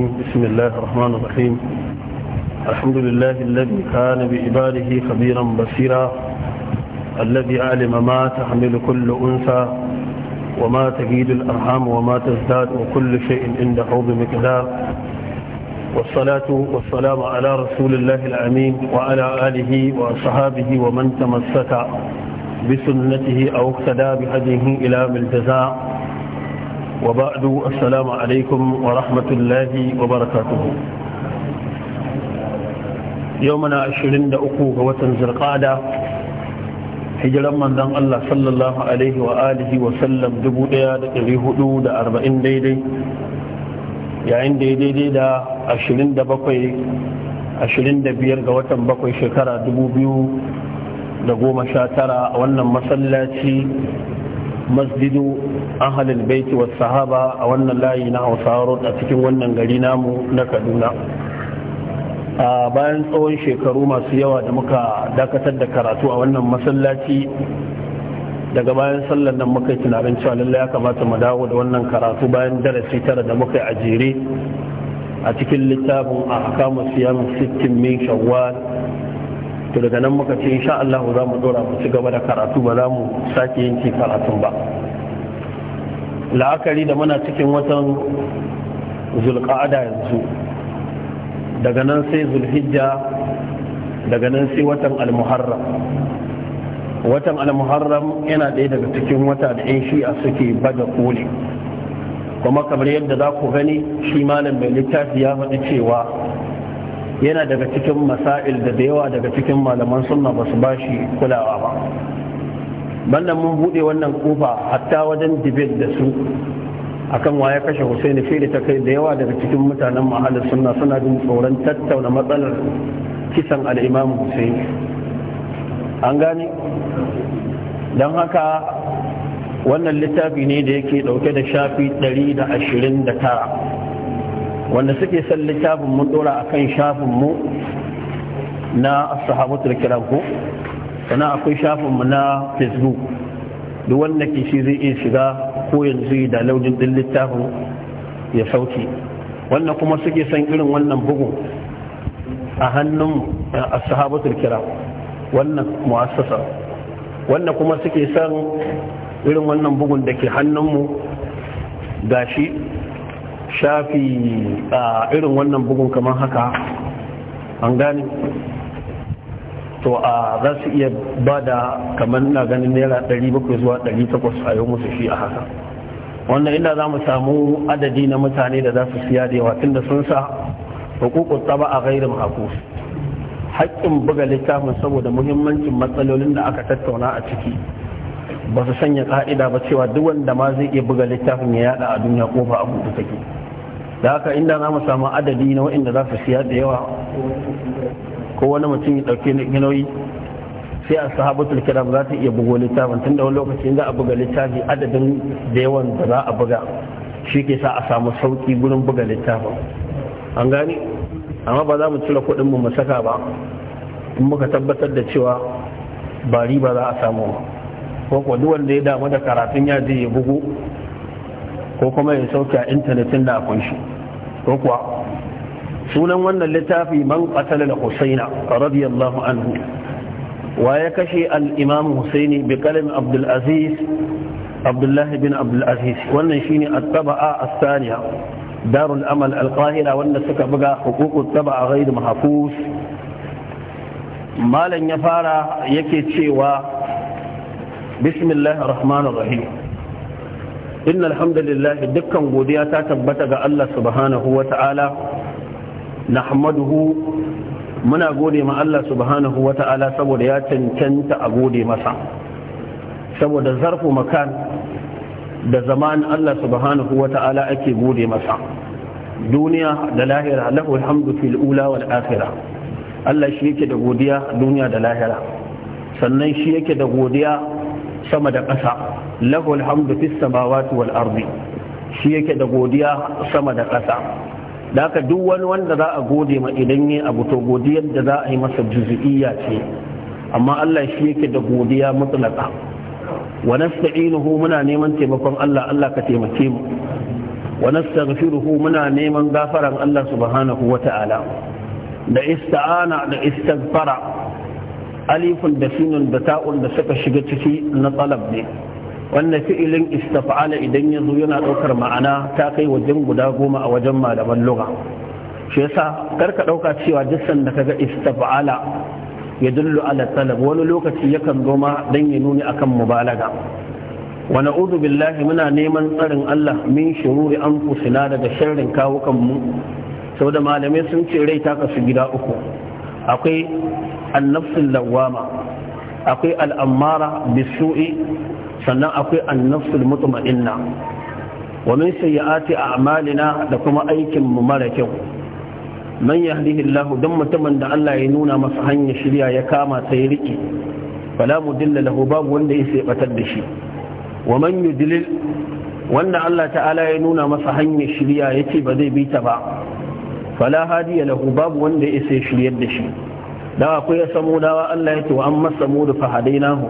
بسم الله الرحمن الرحيم الحمد لله الذي كان بإباده خبيرا بصيرا الذي علم ما تحمل كل أنثى وما تجيد الأرحام وما تزداد وكل شيء عنده بمقدار والصلاة والسلام على رسول الله الأمين وعلى آله وصحابه ومن تمسك بسنته أو اقتدى بهديه إلى ملتزام وبعد السلام عليكم ورحمة الله وبركاته يومنا عشرين دقوق وتنزل قادة هجرا من دان الله صلى الله عليه وآله وسلم دبو ديا دقري هدو دا أربعين ديدي yayin daidai da 27 25 ga watan bakwai shekara 2019 a wannan masallaci masjidu ahalin baiti was sahaba a wannan layi na hausawa a cikin wannan gari namu na kaduna a bayan tsawon shekaru masu yawa da muka dakatar da karatu a wannan masallaci daga bayan sallar nan muka tunanin cewa lallai ya kamata mu dawo da wannan karatu bayan darasi tara da muka yi a jere a cikin littafin a akamu siyamun sittin min shawwal to daga nan muka ce insha Allah za mu dora mu ci gaba da karatu ba za mu sake yin ci karatun ba la'akari da muna cikin watan zulqa'ada yanzu daga nan sai zulhijja daga nan sai watan almuharram watan almuharram yana ɗaya daga cikin wata da 'yan shi'a suke bada koli kuma kamar yadda za ku gani shi malam mai littafi ya faɗi cewa yana daga cikin masail da da yawa daga cikin malaman sunna ba su bashi kulawa ba banda mun bude wannan kofa hatta wajen debate da su akan waye kashe Hussaini fi da kai da yawa daga cikin mutanen mahallin sunna suna jin tsoron tattauna matsalar kisan al-Imam an gane don haka wannan littafi ne da yake dauke da shafi 129 wanda suke son littafin mun dora akan shafin mu na sahabatul kiram ko sannan akwai shafin mu na facebook duk wanda ke shi zai iya shiga ko yanzu da laudin din littafin ya sauke wanda kuma suke son irin wannan bugun a hannun sahabatul kiram wannan mu'assasa wanda kuma suke son irin wannan bugun da ke hannunmu gashi shafi a irin wannan bugun kamar haka an gane to a za su iya ba da kamar na ganin naira 700 zuwa 800 a yau musu shi a haka wannan inda za mu samu adadi na mutane da za su siya da yawa tunda sun sa hukukun taba a gairin haku haƙƙin buga littafin saboda muhimmancin matsalolin da aka tattauna a ciki ba su sanya ƙa'ida ba cewa duk wanda ma zai iya buga littafin ya yada a duniya ko ba abu da take da haka inda za mu samu adadi na waɗanda za su siya da yawa ko wani mutum ya ɗauke na ginoyi sai a sahabatul kiram za ta iya bugo littafin tun da wani lokaci za a buga littafi adadin da yawan da za a buga shi ke sa a samu sauƙi gurin buga littafin an gani amma ba za mu cire kuɗin mu saka ba in muka tabbatar da cewa ba riba za a samu ko ko duk wanda ya damu da karatun ya je ya bugu ko kuma ya sauke a intanetin da a kunshi ko kuwa sunan wannan littafi man qatala al-husaina radiyallahu anhu wa ya kashe al-imam husaini bi kalam abdul aziz abdullah bin abdul aziz wannan shine at-taba'a as-thaniya darul amal al-qahira wanda suka buga huququt taba'a ghayr mahfuz malan ya fara yake cewa bismillahir rahmanir rahim inna alhamdulillah dukkan godiya ta tabbata ga Allah subhanahu wa ta'ala nahmaduhu muna gode ma Allah subhanahu wa ta'ala saboda ya cancanta a gode masa saboda zarfu makan da zaman Allah subhanahu wa ta'ala ake gode masa duniya da lahira lahu alhamdu fil ula wal akhirah Allah shi yake da godiya duniya da lahira sannan shi yake da godiya sama da ƙasa lahul hamdu fis samawati wal ardi shi yake da godiya sama da ƙasa da ka duk wani wanda za a gode ma idan yi abu to godiyar da za a yi masa juzu'iyya ce amma Allah shi yake da godiya mutlaka wa nasta'inuhu muna neman taimakon Allah Allah ka taimake mu wa nastaghfiruhu muna neman gafaran Allah subhanahu wata'ala da ista'ana da istighfara alifun da sinun da ta'ul da suka shiga ciki na talab ne wannan fi'ilin istafa'ala idan ya zo yana ɗaukar ma'ana ta kai wajen guda goma a wajen malaman lugha shi yasa karka ɗauka cewa duk sanda kaga istafa'ala ya dullu ala talab wani lokaci yakan zo ma dan ya nuni akan mubalaga wa udu billahi muna neman tsarin Allah min shururi anfusina daga sharrin kawukan mu saboda malamai sun ce rai ta kasu gida uku akwai annafsin lawama akwai al'ammara bisu'i sannan akwai annafsul mutuma'inna wa min sayyi'ati a'malina da kuma aikin mu mara kyau man yahdihillahu dan mutumin da Allah ya nuna masa hanyar shirya ya kama ta ya rike fala dilla lahu babu wanda ya batar da shi wa man yudlil wanda Allah ta'ala ya nuna masa hanyar shirya yace ba zai bi ta ba fala ya lahu babu wanda ya isa shiryar da shi da akwai ya samu dawa Allah yake wa amma samu da fahadainahu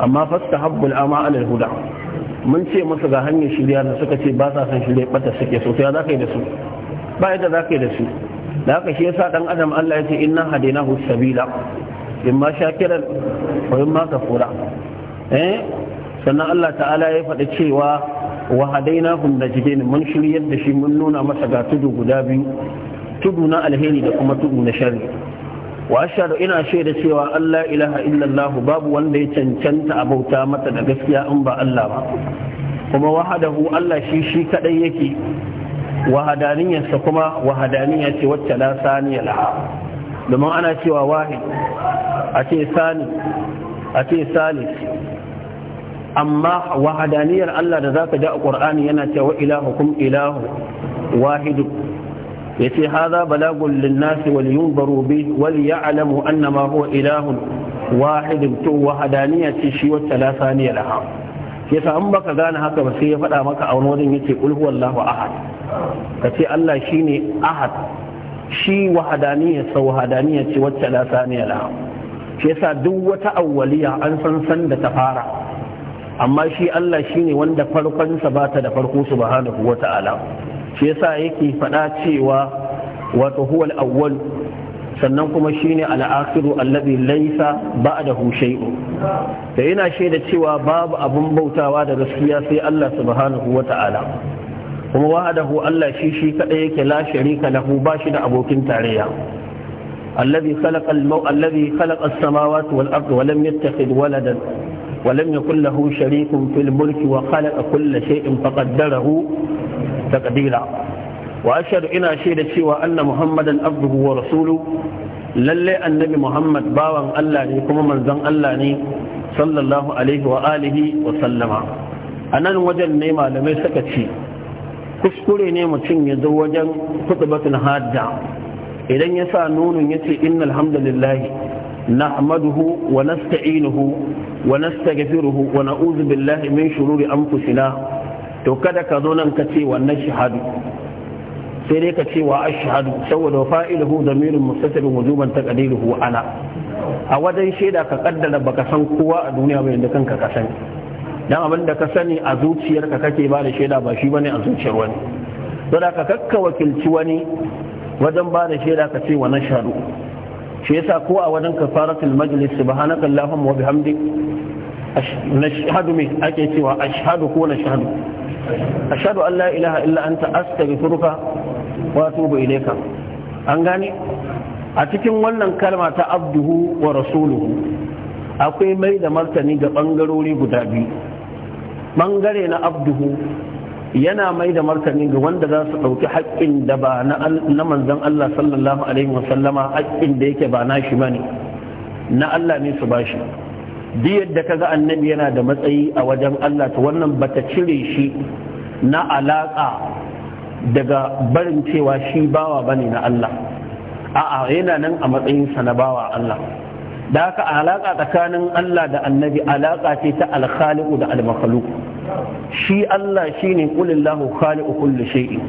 amma fastahabbu al'ama ala al-huda mun ce masa ga hanyar shirya da suka ce ba sa san shirya bata suke so ya za ka yi da su ba yadda za ka yi da su da haka shi yasa dan adam Allah ya ce inna hadainahu sabila In imma shakiran wa imma kafura eh sannan Allah ta'ala ya faɗi cewa wa hadainahum najdain mun shiryar da shi mun nuna masa ga tudu guda biyu tudu na alheri da kuma tudu na sharri wa ashhadu ina shaida cewa Allah ilaha illallah babu wanda ya cancanta a bauta mata da gaskiya in ba Allah ba kuma wahadahu Allah shi shi kadai yake wahadaniyarsa kuma wahadaniya ce wacce la saniya laha domin ana cewa wahid a ce sani a ce salis amma wahadaniyar Allah da zaka ji a ƙur'ani yana cewa ilahukum ilahu wahidu Ya ce haza balagun lin-nas wal yunzaru bi wal ya'lamu annama huwa ilahun wahid to Wahadaniya ce shi wacce la saniya laha sa an baka gane haka ba sai ya faɗa maka a wani wajen yace qul huwallahu ahad Ka ce Allah shi ne ahad shi wahadaniya sa wahadaniya ce wacce la saniya laha shi sa duk wata awwaliya an san san da ta fara amma shi Allah shine wanda farkonsa ba ta da farko subhanahu wa ta'ala shi yasa yake faɗa cewa wato huwal awwal sannan kuma shine al'akhiru alladhi laysa ba'dahu shay'un da yana shaida cewa babu abun bautawa da gaskiya sai Allah subhanahu wa ta'ala kuma wahadahu Allah shi shi kadai yake la sharika lahu ba shi da abokin tarayya الذي خلق المو... الذي خلق السماوات والارض ولم يتخذ ولدا ولم يكن له شريك في الملك وخلق كل شيء فقدره تقديرا واشهد ina shaida cewa ان محمدا عبده rasulu? Lallai annabi muhammad bawan allah ne kuma manzon allah ne sallallahu alaihi wa wa sallama a nan wajen ne malamai suka ce kuskure ne mutum ya zo wajen kutubatul hajja idan ya sa nunun ya ce inna alhamdulillahi نحمده ونستعينه ونستغفره ونعوذ بالله من شرور أنفسنا توكد كذونا كتي ونشهد سيريك تي وأشهد سوى وفائله ضمير مستتر وجوبا تقديره أنا أودا شيدا كقدر بكسن قوى الدنيا من دكان كسن dan abin da ka sani a zuciyarka kake ba da shaida ba shi bane a zuciyar wani don ka kakka wakilci wani wajen ba da shaida ka ce wa na sharu shi yasa ko a wajen kafaratul majlis subhanaka allahumma wa bihamdik nashhadu mi ake cewa ashhadu ko nashhadu ashhadu an la ilaha illa anta astaghfiruka wa atubu ilayka an gane a cikin wannan kalma ta abduhu wa rasuluhu akwai mai da martani ga bangarori guda biyu bangare na abduhu yana mai da martani ga wanda za su ɗauki haƙƙin da ba na manzan Allah sallallahu alaihi wasallama haƙƙin da yake ba na ba ne na Allah ne su ba shi duk yadda kaga annabi yana da matsayi a wajen Allah ta wannan bata cire shi na alaƙa daga barin cewa shi bawa bane na Allah a'a yana nan a matsayinsa na bawa Allah da haka alaƙa tsakanin Allah da annabi alaƙa ce ta alkhaliqu da al shi Allah shi shine kulillahu khali'u kulli shay'in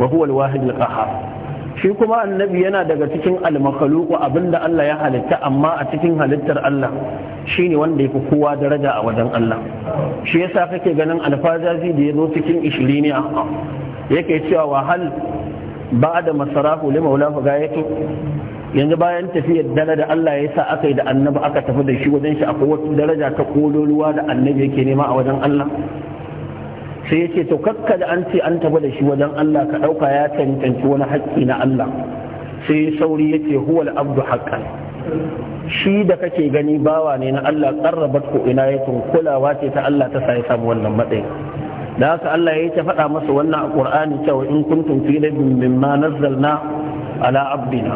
wa huwa al-wahid al shi kuma annabi yana daga cikin al-makhluq abinda Allah ya halitta amma a cikin halittar Allah shine wanda yafi kowa daraja a wajen Allah shi yasa kake ganin alfazazi da ya zo cikin ishiriniya yake cewa wahal ba da ba'da masarahu limaulahu gayatu yanzu bayan tafiyar dala da Allah ya sa aka yi da annabi aka tafi da shi wajen shi akwai wata daraja ta kololuwa da annabi yake nema a wajen Allah sai ya ce to kakka da an ce an tafi da shi wajen Allah ka ɗauka ya cancanci wani haƙƙi na Allah sai sauri ya ce huwal abdu haƙƙan shi da kake gani bawa ne na Allah ƙarrabat ko ina ya kulawa ce ta Allah ta sa samu wannan matsayin da haka Allah ya ta faɗa masa wannan a Qur'ani cewa in kuntum fi rabbin mimma nazzalna ala abdina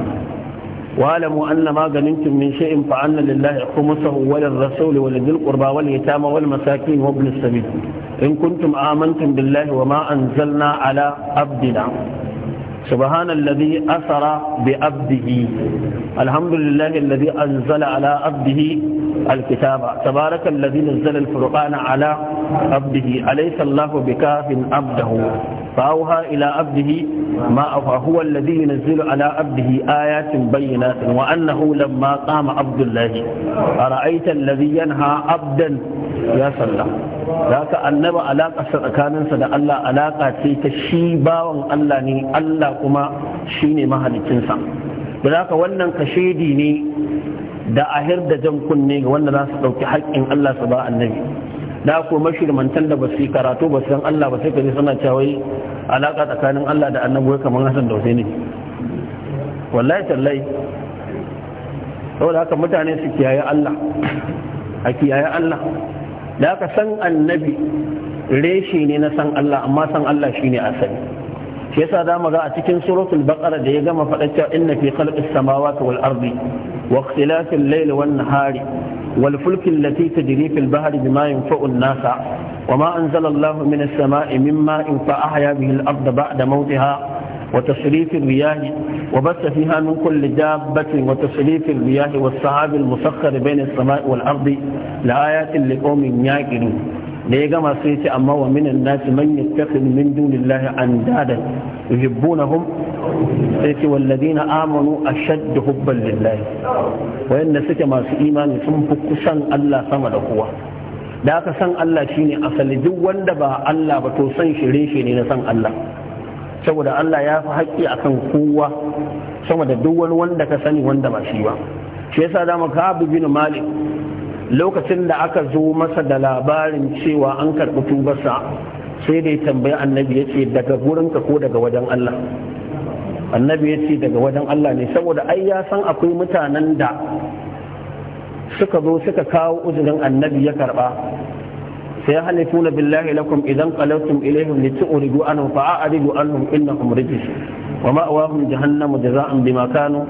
واعلموا أن ما غنمتم من شيء فأن لله خمسه وللرسول ولذي القربى واليتامى والمساكين وابن السبيل إن كنتم آمنتم بالله وما أنزلنا على عبدنا سبحان الذي أثر بعبده الحمد لله الذي أنزل على عبده الكتاب تبارك الذي نزل الفرقان على عبده أليس الله بكاف عبده فأوها إلى عبده ما أوها هو الذي ينزل على عبده آيات بينات وأنه لما قام عبد الله أرأيت الذي ينهى عبدا يا صلى ذاك أنب علاقة كان صدى الله علاقة تشيبا وأن الله ني الله كما شيني مهل تنسى ذاك وأن كشيدي ني da ahir da jan kunne ga wanda za su ɗauki haƙƙin Allah su ba annabi da ko mashirmantan da ba su karatu ba san Allah ba sai ka ji suna cewa alaka tsakanin Allah da annabi kamar Hassan da Husaini wallahi tallai saboda haka mutane su kiyaye Allah a kiyaye Allah da haka san annabi reshe ne na san Allah amma san Allah shine asali shi yasa mu ga a cikin suratul baqara da ya gama faɗa cewa inna fi khalqis samawati wal ardi wa ikhtilafil layli wan nahari والفلك التي تجري في البحر بما ينفع الناس وما أنزل الله من السماء مما إنفع أحيا به الأرض بعد موتها وتصريف الرياح وبث فيها من كل دابة وتصريف الرياح والسحاب المسخر بين السماء والأرض لآيات لقوم يعقلون da ya gama sai ce amma wa minan nasi man yattakhid min dunillahi andada yuhibbunahum sai ce walladina amanu ashadd hubban lillahi wayanda suke masu imani sun fi kusan Allah sama da kowa da aka san Allah shine asali duk wanda ba Allah ba to san shi ne na san Allah saboda Allah ya fi haƙƙi akan kowa sama da duk wani wanda ka sani wanda ba shi ba shi yasa da mu ka bin malik lokacin da aka zo masa da labarin cewa an karɓi tubarsa sai dai tambayi annabi ya ce daga gurinka ko daga wajen Allah annabi ya ce daga wajen Allah ne saboda ai ya san akwai mutanen da suka zo suka kawo uzurin annabi ya karɓa sai ya halittu na billahi lakum idan qalawtum ilaihim litu'ridu anhum fa'aridu anhum innahum rijis wa ma'awahum jahannamu jaza'an bima kanu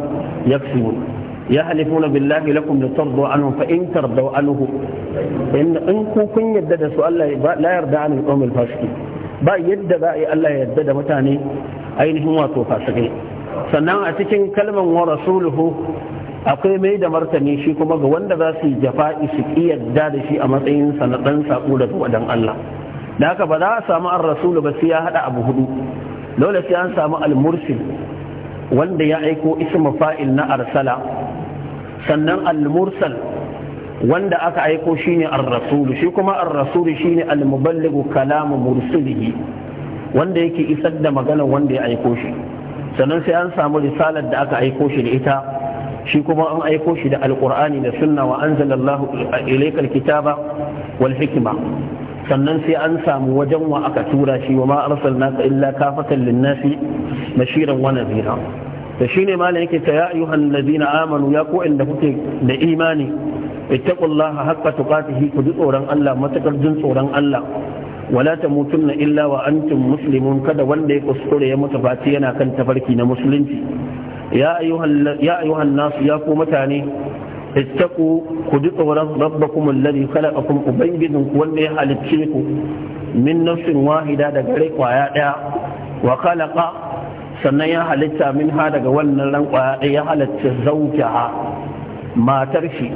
yaksibun يحلفون بالله لكم لترضوا عنهم فإن ترضوا عنه إن إن كن يدد سؤال لا يرضى عن القوم الفاسقين با يدد با الله يدد متاني ainihin wato fasikai sannan a cikin kalman wa rasuluhu akwai mai da martani shi kuma ga wanda za su yi jafa'i su yadda da shi a matsayin sa na dan sako wadan Allah da haka ba za a samu an rasulu ba sai ya hada abu hudu dole sai an samu al mursil wanda ya aiko ismu fa'il na arsala sannan al-mursal wanda aka aiko shine ar-rasul shi kuma ar-rasul shine al-muballighu kalamu wanda yake isar da magana wanda ya aiko shi sannan sai an samu risalar da aka aiko shi da ita shi kuma an aiko shi da alqur'ani da sunna wa anzalallahu ilaykal kitaba wal hikma sannan sai an samu wajen wa aka tura shi wa ma arsalnaka illa kafatan lin-nasi bashiran wa nadhira da shine malam yake ta ya ayyuhan amanu ya ku inda kuke da imani ittaqullaha haqqa tuqatihi ku ji tsoron Allah matakar jin tsoron Allah wala tamutunna illa wa antum muslimun kada wanda ya kuskure ya mutu fati yana kan tafarki na musulunci ya ayyuhan ya ayyuhan nas ya ku mutane ittaqu ku ji tsoron rabbakum alladhi khalaqakum ubangijin ku wanda ya halicce ku min nafsin wahida daga rai kwaya daya wa khalaqa sannan ya halitta min ha daga wannan rankwaya daya ya halitta zaujaha matar shi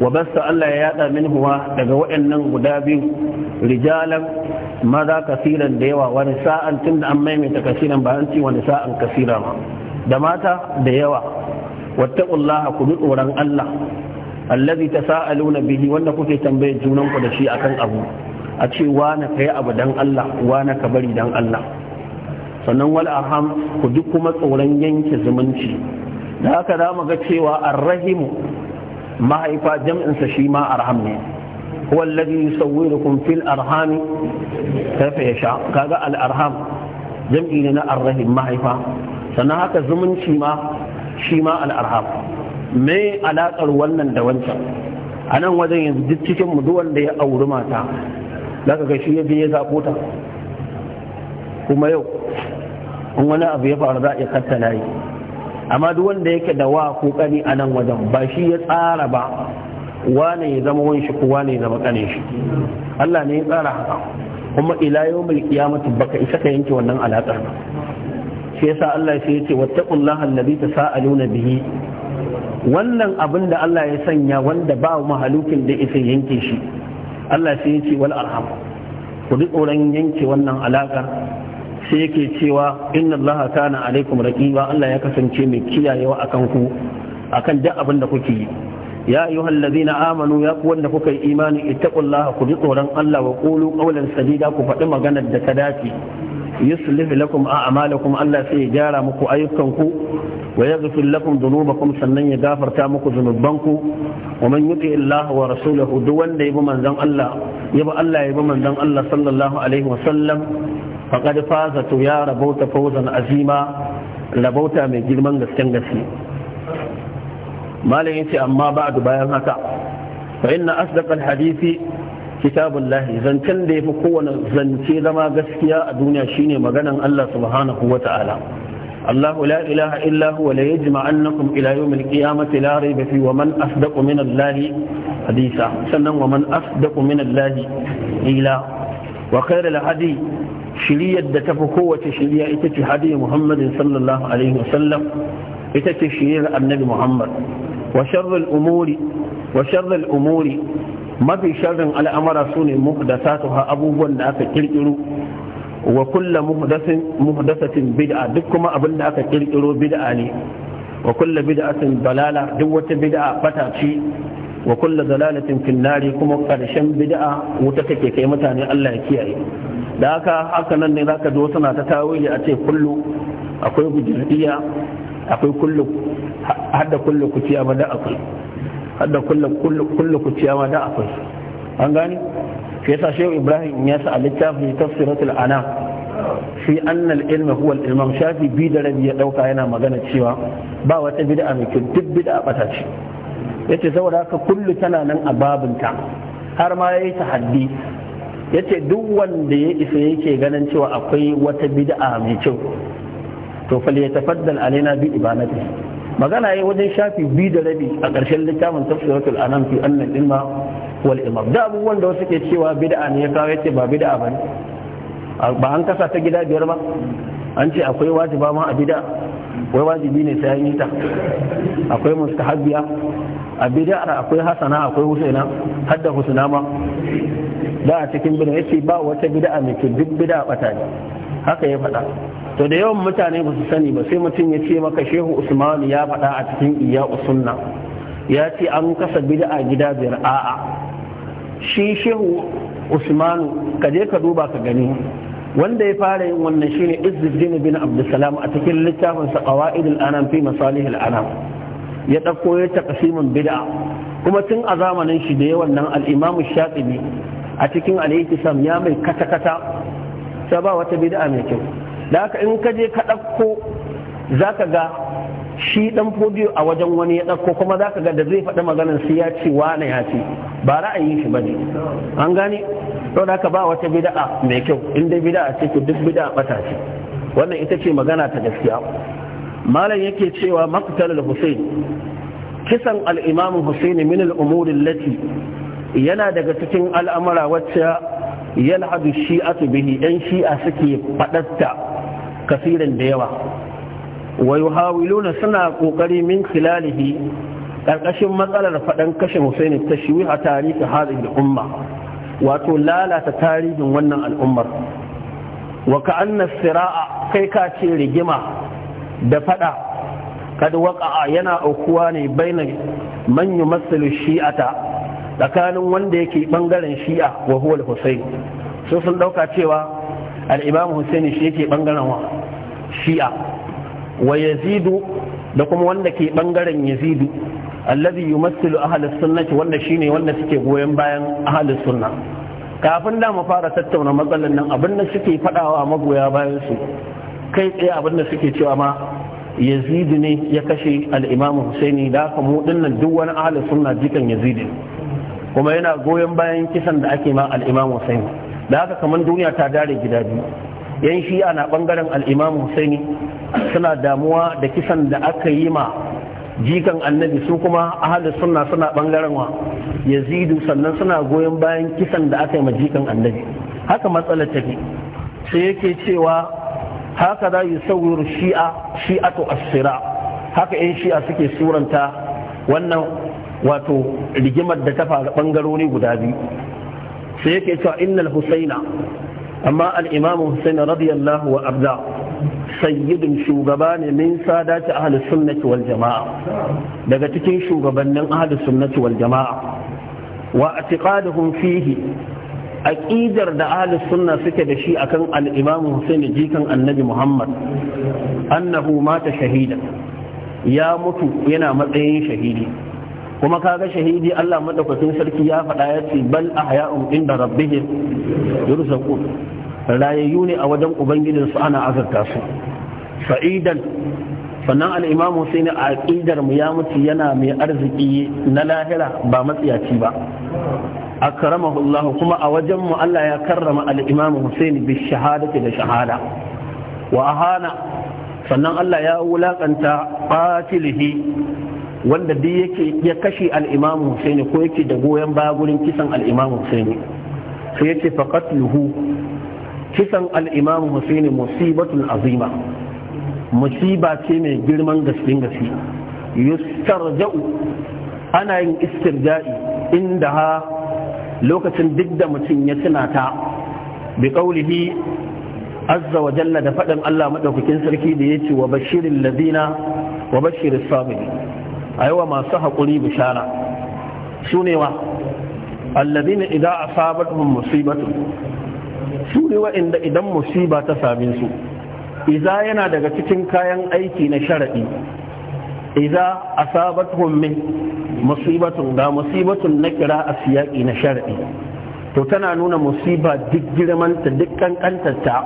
wa basta Allah ya yada min huwa daga waɗannan guda biyu rijalan maza kasiran da yawa wani sa'an tun da an maimaita kasiran ba an ci wani sa'an kasira da mata da yawa wattaqullaha ku tsoron Allah allazi tasaaluna bihi wanda kuke tambaye junan ku da shi akan abu a ce wa na kai abu dan Allah wa na ka bari dan Allah sannan wal arham ku duk kuma tsoron yanke zumunci da haka za mu ga cewa arrahimu mahaifa jam'insa shi ma arham ne huwa alladhi yusawwirukum fil arham kayfa yasha kaga al arham jam'i ne na arrahim mahaifa sannan haka zumunci ma shi ma al arham me alakar wannan da wancan a nan wajen yanzu duk cikin mu duk wanda ya auri mata zaka ga shi ya je ya zabo ta kuma yau in wani abu ya faru za a iya kattala yi amma duk wanda yake da wa kokari a nan wajen ba shi ya tsara ba wane ya zama wani shi ko wane ya zama kane shi Allah ne ya tsara haka kuma ila yawmil qiyamati baka isa ka yanke wannan alaƙar ba shi yasa Allah sai yace wattaqullaha allazi tasaaluna bihi wannan abin da Allah ya sanya wanda ba mahalukin da isa yanke shi Allah sai ce wal arham ku duk tsoron yanke wannan alaƙar sai yake cewa inna allaha kana alaikum raqiba Allah ya kasance mai kiyayewa akan ku akan duk abin da kuke yi ya ayyuhal amanu ya ku wanda kuka yi imani ittaqullaha ku ji tsoron Allah wa qulu qawlan sadida ku faɗi maganar da ta dace yuslih lakum a'malakum Allah sai ya gyara muku ayyukanku wa yaghfir lakum dhunubakum sannan ya gafarta muku dhunubanku wa man yuti Allah wa rasulahu duk wanda yabi manzon Allah yabi Allah yabi manzon Allah sallallahu alaihi wa sallam faƙar faza to ya rabauta fawzan azima rabauta mai girman gasken gaske malam ce amma da bayan haka fa inna asdaqal hadisi kitabullahi zancen da yafi kowane zance zama gaskiya a duniya shine maganan Allah subhanahu wata'ala الله لا إله إلا هو ليجمعنكم إلى يوم القيامة لا ريب فيه ومن hadisa sannan الله حديثا سنن ومن أصدق من wa إلى وخير الهدي shiriyar da tafi kowace shiriya ita ce hadiyu muhammadin sallallahu alaihi wasallam ita ce shiriyar annabi muhammad wa sharrul umuri wa sharrul umuri mafi sharrin al'amara su ne ha abubuwan da aka kirkiro wa kullu bid'a duk kuma abin da aka kirkiro bid'a ne wa kullu bid'atin duk wata bid'a fata ce wa kullu dalalatin kuma karshen bid'a wuta take kai mutane Allah ya kiyaye da haka haka nan ne zaka zo suna ta tawili a ce kullu akwai gujiriya akwai kullu hadda kullu ciya ma da akwai hadda kullu kullu ciya ma da akwai an gani shi yasa shehu ibrahim ya sa a littafin tafsiratul anam fi anna al ilmi huwa al-imam shafi bi da rabi ya dauka yana magana cewa ba wata bid'a mai kyau duk bid'a bata ce yace saboda haka kullu tana nan a babinta har ma yayi tahaddi yace duk wanda ya isa yake ganin cewa akwai wata bid'a mai kyau to fal yatafaddal alaina bi ibanati magana yayi wajen shafi bi da rabi a karshen littafin tafsiratul anam fi anna ilma wal imam da abubuwan da wasu ke cewa bid'a ne ya kawo yace ba bid'a bane ba an kasa ta gida biyar ba an ce akwai wajiba ma a bid'a wai wajibi ne sai an yi ta akwai mustahabbiya a bid'a akwai hasana akwai husaina hadda husna ma da a cikin bid'a yace ba wata bid'a mai ke duk bid'a bata ne haka ya faɗa to da yawan mutane ba su sani ba sai mutum ya ce maka shehu usman ya faɗa a cikin iya usunna ya ce an kasa bid'a gida biyar a'a shi shehu usmanu ka je ka duba ka gani wanda ya fara yin wannan shine Izzuddin bin Abdussalam a cikin littafin sa Qawaid al-Anam fi Masalih al-Anam ya dauko ya taqsimin bid'a kuma tun a zamanin shi da yawan nan al-Imam Shatibi a cikin al sam ya mai kata kata ta ba wata bid'a mai kyau da haka in ka je ka dauko zaka ga shi dan fodiyo a wajen wani ya ɗauko kuma za ka ga da zai faɗi maganar sai ya ce na ya ce ba ra'ayi shi ba ne an gane to da ka ba wata bida'a mai kyau in da bida'a ce ku duk bida'a bata ce wannan ita ce magana ta gaskiya malam yake cewa maqtal al-husayn kisan al-imam husayn min al-umur allati yana daga cikin al'amura wacce yalhadu shi'atu bihi yan shi'a suke fadatta kasirin da yawa wa yuhawiluna suna kokari min khilalihi karkashin matsalar faɗan kashe ta tashwiha tarihi hadhihi al-umma wato lalata tarihin wannan al'ummar wa ka'anna sira'a kai ka ce rigima da faɗa kad waqa'a yana aukuwa ne baina man yumassilu shi'ata tsakanin wanda yake bangaren shi'a wa huwa al so sun ɗauka cewa al Husaini shi yake bangaren wa shi'a wa yazidu da kuma wanda ke bangaren yazidu alladhi yumassilu ahlus sunnati wanda shine wanda suke goyon bayan ahlus sunna kafin da mu fara tattauna matsalan nan abin da suke fadawa magoya bayan su kai tsaye abin da suke cewa ma yazidu ne ya kashe al-imamu husaini da haka mu dinnan duk wani ahlus sunna jikan yazidu kuma yana goyon bayan kisan da ake ma al-imamu husaini da haka kamar duniya ta dare gida biyu yan shi'a na bangaren al-imamu husaini suna damuwa da kisan da aka yi ma jikan annabi su kuma ahalus suna suna bangaren wa yazidu sannan suna goyon bayan kisan da aka yi ma jikan annabi haka matsalar ke sai yake cewa haka za yi saurin shi'a shi'atu asira haka yan shi'a suke suranta wannan wato rigimar da ta faru bangarori guda biyu sai yake cewa innal husaina amma al-imamu husaina radiyallahu wa abda Sayyidin shugaba ne min sadati ahlus sunnati wal jama'a daga cikin shugabannin ahlus sunnati wal jama'a wa i'tiqaduhum fihi aqidar da ahlus sunna suke da shi akan al-imam Hussein jikan annabi Muhammad annahu mata shahida ya mutu yana matsayin shahidi kuma kaga shahidi Allah madaukakin sarki ya faɗa ya ce bal ahya'un inda rabbihim yurzaqun rayayyu ne a wajen ubangijinsu ana azurta su fa'idan sannan al'imamu sai ne a aƙidar mu ya mutu yana mai arziki na lahira ba matsiyaci ba a karamahu kuma a wajen mu Allah ya karrama al'imamu Hussein bi shahadati da shahada wa ahana sannan Allah ya wulakanta qatilihi wanda duk yake ya kashe al'imamu Hussein ko yake da goyon baya gurin kisan al'imamu Hussein sai yace faqatluhu kisan al'imam husaini musibatun azima musiba ce mai girman gaskin gaske jau ana yin istirja'i inda ha lokacin duk da mutum ya tuna ta bi qaulihi azza wa jalla da faɗin Allah maɗaukakin sarki da ya ce wa bashirin lazina wa bashirin sabiri a yawa masu haƙuri bishara su ne wa allazina idan asabatuhum musibatu su ne wa'inda idan musiba ta same su iza yana daga cikin kayan aiki na sharaɗi iza asabatuhum min musibatun da musibatun na kira a siyaƙi na sharaɗi to tana nuna musiba duk girmanta duk kankantarta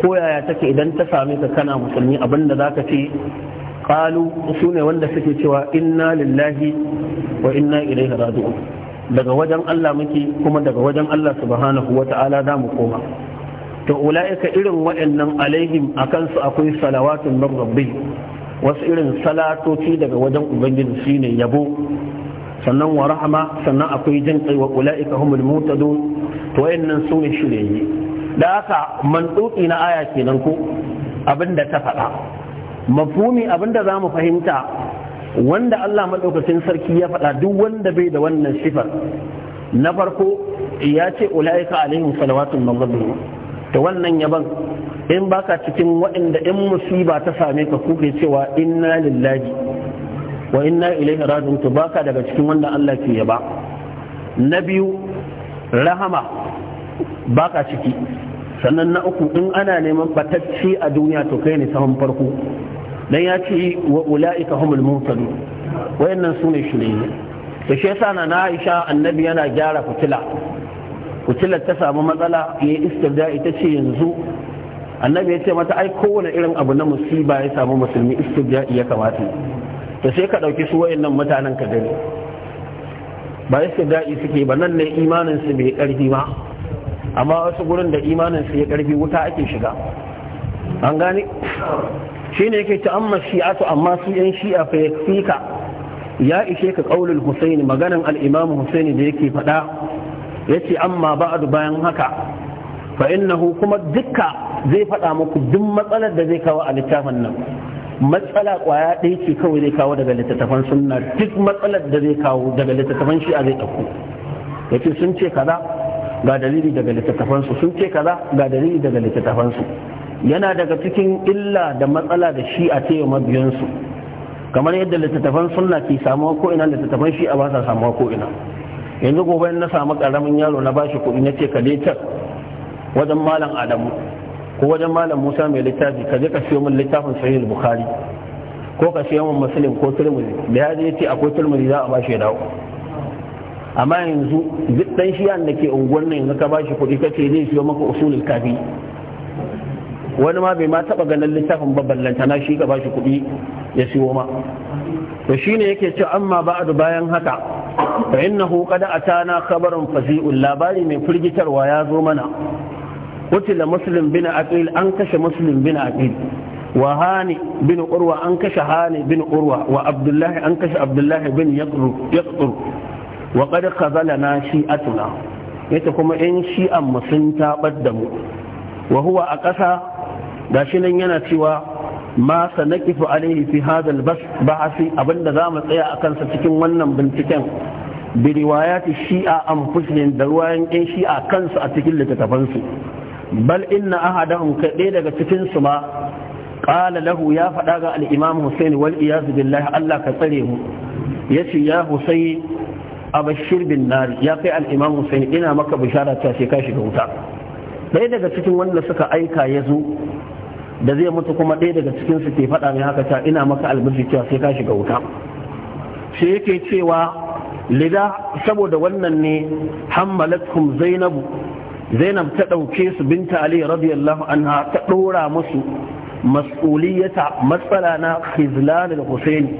ko yaya take idan ta same ka kana musulmi abinda za ka ce kalu su ne wanda suke cewa inna lillahi wa inna ilaihi raji'un daga wajen Allah muke kuma daga wajen Allah subhanahu ta'ala za mu koma to ula'ika irin waɗannan alaihim a kansu akwai salawatun min rabbi wasu irin salatoci daga wajen ubangiji ne yabo sannan wa rahama sannan akwai jin kai wa ula'ika humul mutadun to wayannan su ne shirye da haka manduki na aya kenan ko abinda ta faɗa mafhumi abinda za mu fahimta wanda Allah maɗaukacin sarki ya faɗa duk wanda bai da wannan sifar na farko ya ce ulaika alaihim salawatun min rabbihim to wannan yaban in baka cikin waɗanda in musiba ta same ka kuke cewa inna lillahi wa inna ilaihi raji'un to baka daga cikin wanda Allah ke yaba na biyu rahama baka ciki sannan na uku in ana neman batacci a duniya to kai ne sahun farko dan ya ce wa ula'ika humul mutadu wayannan su ne shi ne. to shi yasa na Aisha annabi yana gyara fitila fitilar ta samu matsala ya yi istirda ita ce yanzu annabi ya ce mata ai kowane irin abu na musiba ya samu musulmi istirda ya kamata to sai ka ɗauki su wayannan mutanen ka gani ba istirda suke ba nan ne imanin su bai karfi ba amma wasu gurin da imanin su ya karfi wuta ake shiga an gane Shi ne yake ta amma shi'atu amma su yan shi'a fa yakfika ya ishe ka qaulul husaini maganan al-imam husaini da yake faɗa yace amma ba'du bayan haka fa innahu kuma dukka zai faɗa muku duk matsalar da zai kawo a littafin nan matsala kwaya ɗaya ce kawai zai kawo daga littattafan sunna duk matsalar da zai kawo daga littattafan shi'a zai ɗauko yace sun ce kaza ga dalili daga littattafansu sun ce kaza ga dalili daga littattafansu yana daga cikin illa da matsala da shi a cewa mabiyansu kamar yadda littattafan sunna ke samuwa ko'ina, littattafan shi a ba sa samuwa ko'ina. ina yanzu gobe na samu karamin yaro na bashi kuɗi na ce ka je can wajen malam adamu ko wajen malam musa mai littafi kaje ka siyo min littafin sahih bukhari ko ka siyo min muslim ko turmuzi da ya je ce akwai turmuzi za a bashi ya dawo amma yanzu duk dan shiyan da ke unguwar nan yanzu ka bashi kuɗi kace zai siyo maka usulul kafi wani ma bai ma taba ganin littafin baballanta na shi ka bashi kuɗi ya siyo ma to shine yake cewa amma ba da bayan haka fa innahu qad atana khabarun fazi'un labari mai firgitarwa ya zo mana Kutila muslim bin aqil an kashe muslim bin aqil wa hani bin urwa an kashe hani bin urwa wa abdullahi an kashe abdullahi bin yaqtur wa qad khazalana shi'atuna yace kuma in shi'an mu sun tabar da mu wa huwa a ƙasa shi nan yana cewa ma sanakifu alaihi fi hadal bas ba'asi abinda za mu tsaya akan sa cikin wannan binciken bi riwayati shi'a fushin da ruwayan yan shi'a kansu a cikin littattafansu bal inna ahadahum ɗaya daga cikin su ma qala lahu ya faɗa ga al-imam Hussein wal iyaz billahi Allah ka tsare mu yace ya Hussein abashir bin nar ya kai al'imam Hussein ina maka bishara ta shi ka shiga wuta ɗaya daga cikin wanda suka aika ya zo da zai mutu kuma ɗaya daga cikinsu ke faɗa mai haka ta ina maka albashi cewa sai ka shiga wuta sai yake cewa lida saboda wannan ne hammalatkum zainabu zainab ta ɗauke su binta ali radiyallahu anha ta ɗora musu mas'uliyata matsala na khizlan da husaini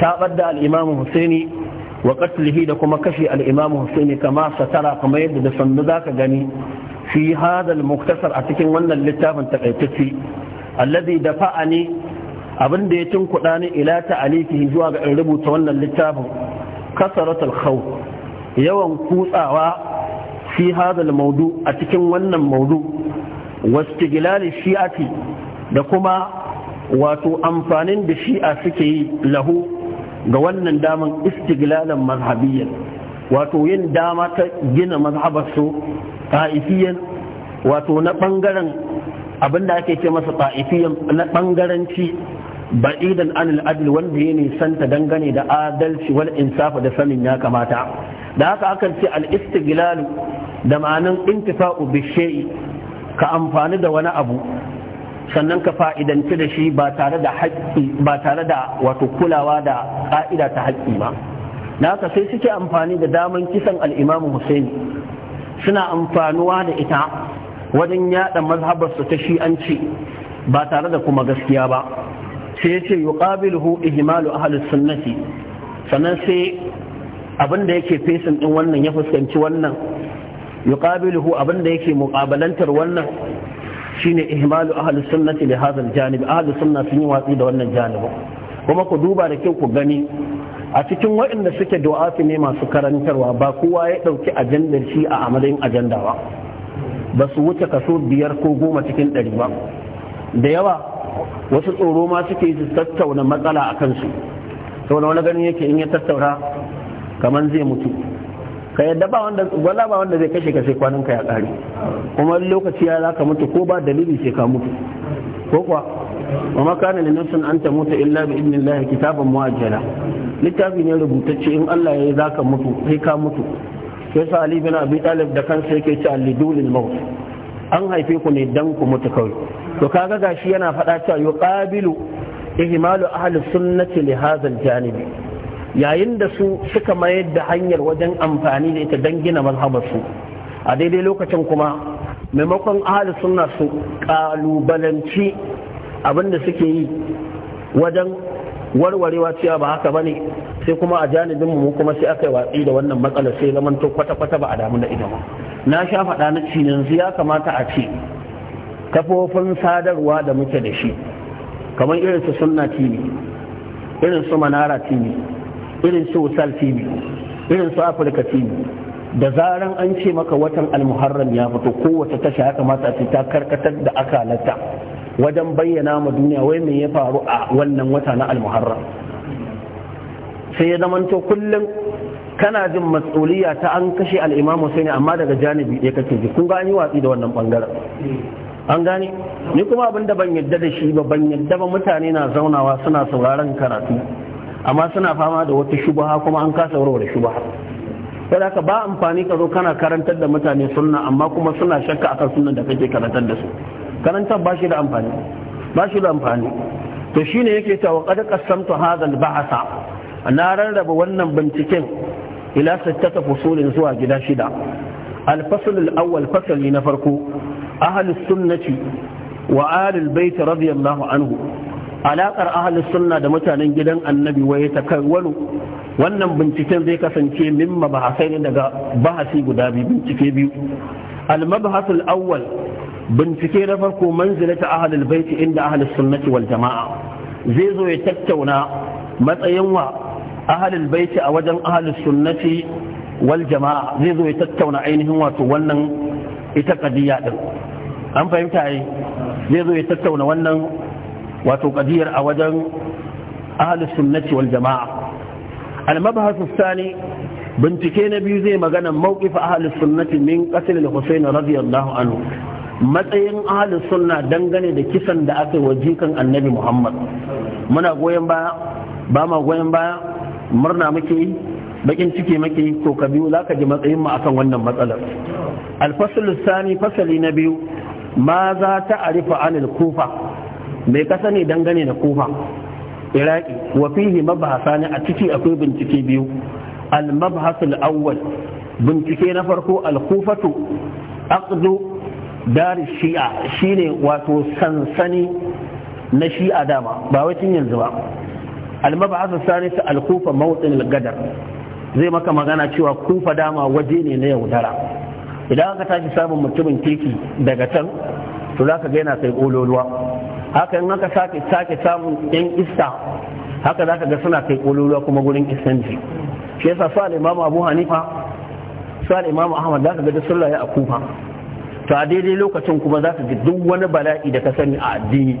ta badda al husaini wa qatlihi da kuma kashe Al'imamin imam husaini kama satara kama yadda da sannu zaka gani fi hadal muktasar a cikin wannan littafin takaitacce alladhi dafa'ani abin da ya kuɗa ni ila ta'alifihi zuwa ga in rubuta wannan littafin al khaw yawan kutsawa fi hadal maudu a cikin wannan maudu wastigilali shi'ati da kuma wato amfanin da shi'a suke yi lahu ga wannan daman istiglalan mazhabiyyan wato yin dama ta gina mazhabar su ta'ifiyan wato na ɓangaren abinda ake ce masa ta'ifiyan na bangaranci ba'idan anil adl wanda ya nisanta dangane da adalci wal insafa da sanin ya kamata da haka akan ce al istiglal da ma'anin intifa'u bi ka amfani da wani abu sannan ka fa'idanci da shi ba tare da haƙƙi ba tare da wato kulawa da ƙa'ida ta haƙƙi ba da haka sai suke amfani da daman kisan al-imamu Hussein suna amfanuwa da ita wajen yada mazhabarsu ta shi'anci ba tare da kuma gaskiya ba sai yace yuqabiluhu ihmalu ahli sunnati sannan sai abin da yake fesin din wannan ya fuskanci wannan yuqabiluhu abin da yake muqabalantar wannan shine ihmalu ahli sunnati li hadha al-janib ahli sunna sun yi watsi da wannan janibi kuma ku duba da kyau ku gani a cikin waɗanda suke du'afi ne masu karantarwa ba kowa ya ɗauki ajandar shi a amalin ajandawa. ba ba su wuce kaso biyar ko goma cikin ɗari ba da yawa wasu tsoro ma suke su tattauna matsala a kansu da wani ganin yake in ya tattauna kamar zai mutu ka yadda ba wanda wala ba wanda zai kashe ka sai kwanan ka ya ƙare. kuma lokaci ya zaka mutu ko ba dalili sai ka mutu ko kuwa wa ma kana lin nafsin an tamuta illa bi idnillahi kitaban muajjala littafi ne rubutacce in Allah ya yi zaka mutu sai ka mutu yasa ali bin abi talib da kansa yake ce alidulil maut an haife ku ne dan ku mutu kawai to kaga gashi yana faɗa cewa yuqabilu ihmalu ahli sunnati li hadha aljanib yayin da su suka mayar da hanyar wajen amfani da ita dan gina mazhabar su a daidai lokacin kuma maimakon ahli sunna su kalubalanci abin da suke yi wajen warwarewa cewa ba haka bane sai kuma a janibin mu kuma sai aka yi watsi da wannan matsalar sai zaman to kwata-kwata ba a damu da ita na sha faɗa na ci yanzu ya kamata a ce kafofin sadarwa da muke da shi kamar irin su sunna tv irin su manara tv irin su tv irin su afirka tv da zaran an ce maka watan almuharram ya fito kowace tasha ya kamata a ce ta karkatar da akalata wajen bayyana ma duniya wai me ya faru a wannan wata na almuharram sai ya zamanto kullum kana jin mas'uliya ta an kashe al'imamu sai ne amma daga janibi ɗaya kake ji kun gani watsi da wannan bangaren an gane ni kuma abin da ban yadda da shi ba ban yadda ba mutane na zaunawa suna sauraron karatu amma suna fama da wata shubaha kuma an kasa warware shubaha kada ka ba amfani ka zo kana karantar da mutane sunna amma kuma suna shakka akan sunnan da kake karantar da su karantar ba shi da amfani ba shi da amfani to shine yake cewa qad qasamtu hadha al-ba'sa na rarraba wannan binciken ila sittata fusulin zuwa gida shida الفصل الأول na نفركو أهل السنة وآل البيت رضي الله عنه alaƙar ahalin sunna da mutanen gidan annabi waye ta wani wannan binciken zai kasance mimma bahasai ne daga bahasi guda biyu bincike biyu al-mabhasul awwal bincike na farko manzilata ahalul baiti inda ahalus sunnati wal jama'a zai zo ya tattauna matsayin wa Ahalin baiti a wajen ahal sunnati wal jama'a zai zo ya tattauna ainihin wato wannan ita kadiya din an fahimta yi zai zo ya tattauna wannan wato kadiyar a wajen ahalus sunnati wal jama'a al-mabhasu thani bincike na biyu zai magana mawqif ahalus sunnati min qatl al-husayn radiyallahu anhu matsayin ahal sunna dangane da kisan da aka yi wa jikan annabi muhammad muna goyon baya ba ma goyon baya murna muke bakin ciki muke ko ka biyu za ka ji matsayin mu akan wannan matsalar alfasul sani fasali na biyu ma za ta arifa anil kufa mai ka sani dangane da kufa iraki wa fihi mabhasa ne a ciki akwai bincike biyu al mabhasul awwal bincike na farko al kufatu aqdu dar shi'a shine wato sansani na shi'a dama ba wacin yanzu ba almab'ath Sani su al-kufa mawtin al-gadar zai maka magana cewa kufa dama waje ne na yaudara idan aka tashi samun mutumin kirki daga can to zaka ga yana kai kololuwa haka in aka sake sake samun yan iska haka zaka ga suna kai kololuwa kuma gurin isanji shi yasa su al Abu Hanifa su al ahmad Ahmad ka ga sallah ya a kufa to a daidai lokacin kuma za ka ga duk wani bala'i da ka sani a addini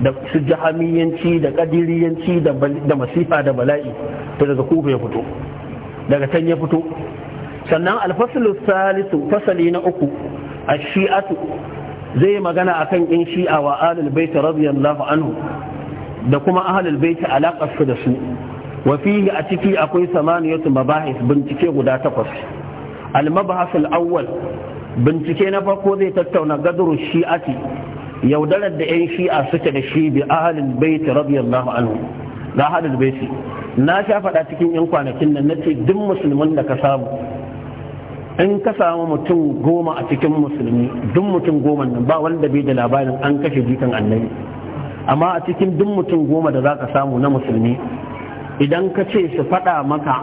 da su jahamiyanci da kadiriyanci da masifa da bala'i to daga kufa ya fito daga can ya fito sannan alfasilu salisu fasali na uku a shi'atu zai magana a kan in shi'a wa alul baita radiyallahu anhu da kuma ahlul baita alaƙar su da su wa fihi a ciki akwai samaniyatu mabahis bincike guda takwas al mabahas awwal bincike na farko zai tattauna gadru shi'ati yaudarar da 'yan shi'a suke da shi bi ahalin baiti radiyallahu anhu da ahalin baiti na sha faɗa cikin 'yan kwanakin nan na ce duk musulmin da ka samu in ka samu mutum goma a cikin musulmi duk mutum goma nan ba wanda bai da labarin an kashe jikan annabi amma a cikin duk mutum goma da za ka samu na musulmi idan ka ce su faɗa maka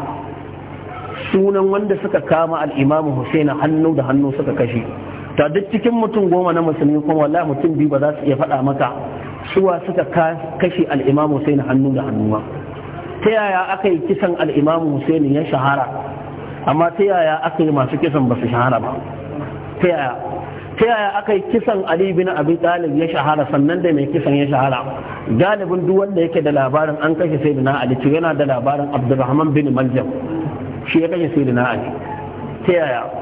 sunan wanda suka kama al'imamu Hussein hannu da hannu suka kashe ta duk cikin mutum goma na musulmi kuma wallahi mutum biyu ba za su iya faɗa maka suwa suka kashe al'imamu na hannu da hannu ta yaya aka yi kisan al'imamu Hussein ya shahara amma ta yaya aka yi masu kisan ba su shahara ba ta yaya ta yaya aka yi kisan Ali bin Abi Talib ya shahara sannan da mai kisan ya shahara galibin duk wanda yake da labarin an kashe sayyidina Ali to yana da labarin Abdurrahman bin Maljam shi ya kashe sayyidina Ali ta yaya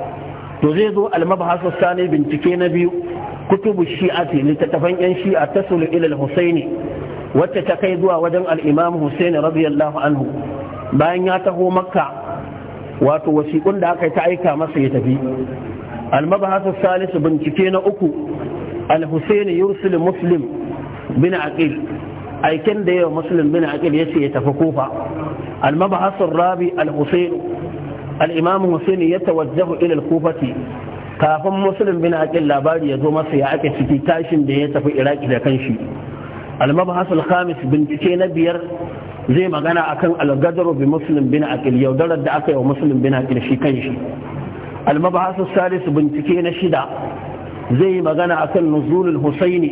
to zai zo almabhasu sani bincike na biyu kutubu ce littattafan yan shi'a ta ila al-husaini wacce ta kai zuwa wajen Al'imam imam husaini radiyallahu anhu bayan ya taho makka wato wasiƙun da aka ta aika masa ya tafi almabhasu salisu bincike na uku al-husaini yursil muslim bin aqil aiken da yawa muslim bin aqil ce ya tafi kufa almabhasu rabi al-husaini al-imam husaini ya tawajjahu ila kufati kafin muslim bin aqil labari ya zo masa ya ake ciki tashin da ya tafi iraki da kanshi al-mabhas al-khamis bincike na biyar zai magana akan al-gadru bi muslim bin aqil yaudarar da aka yi wa musulun bin aqil shi kanshi al-mabhas salis bincike na shida zai magana akan nuzulul husaini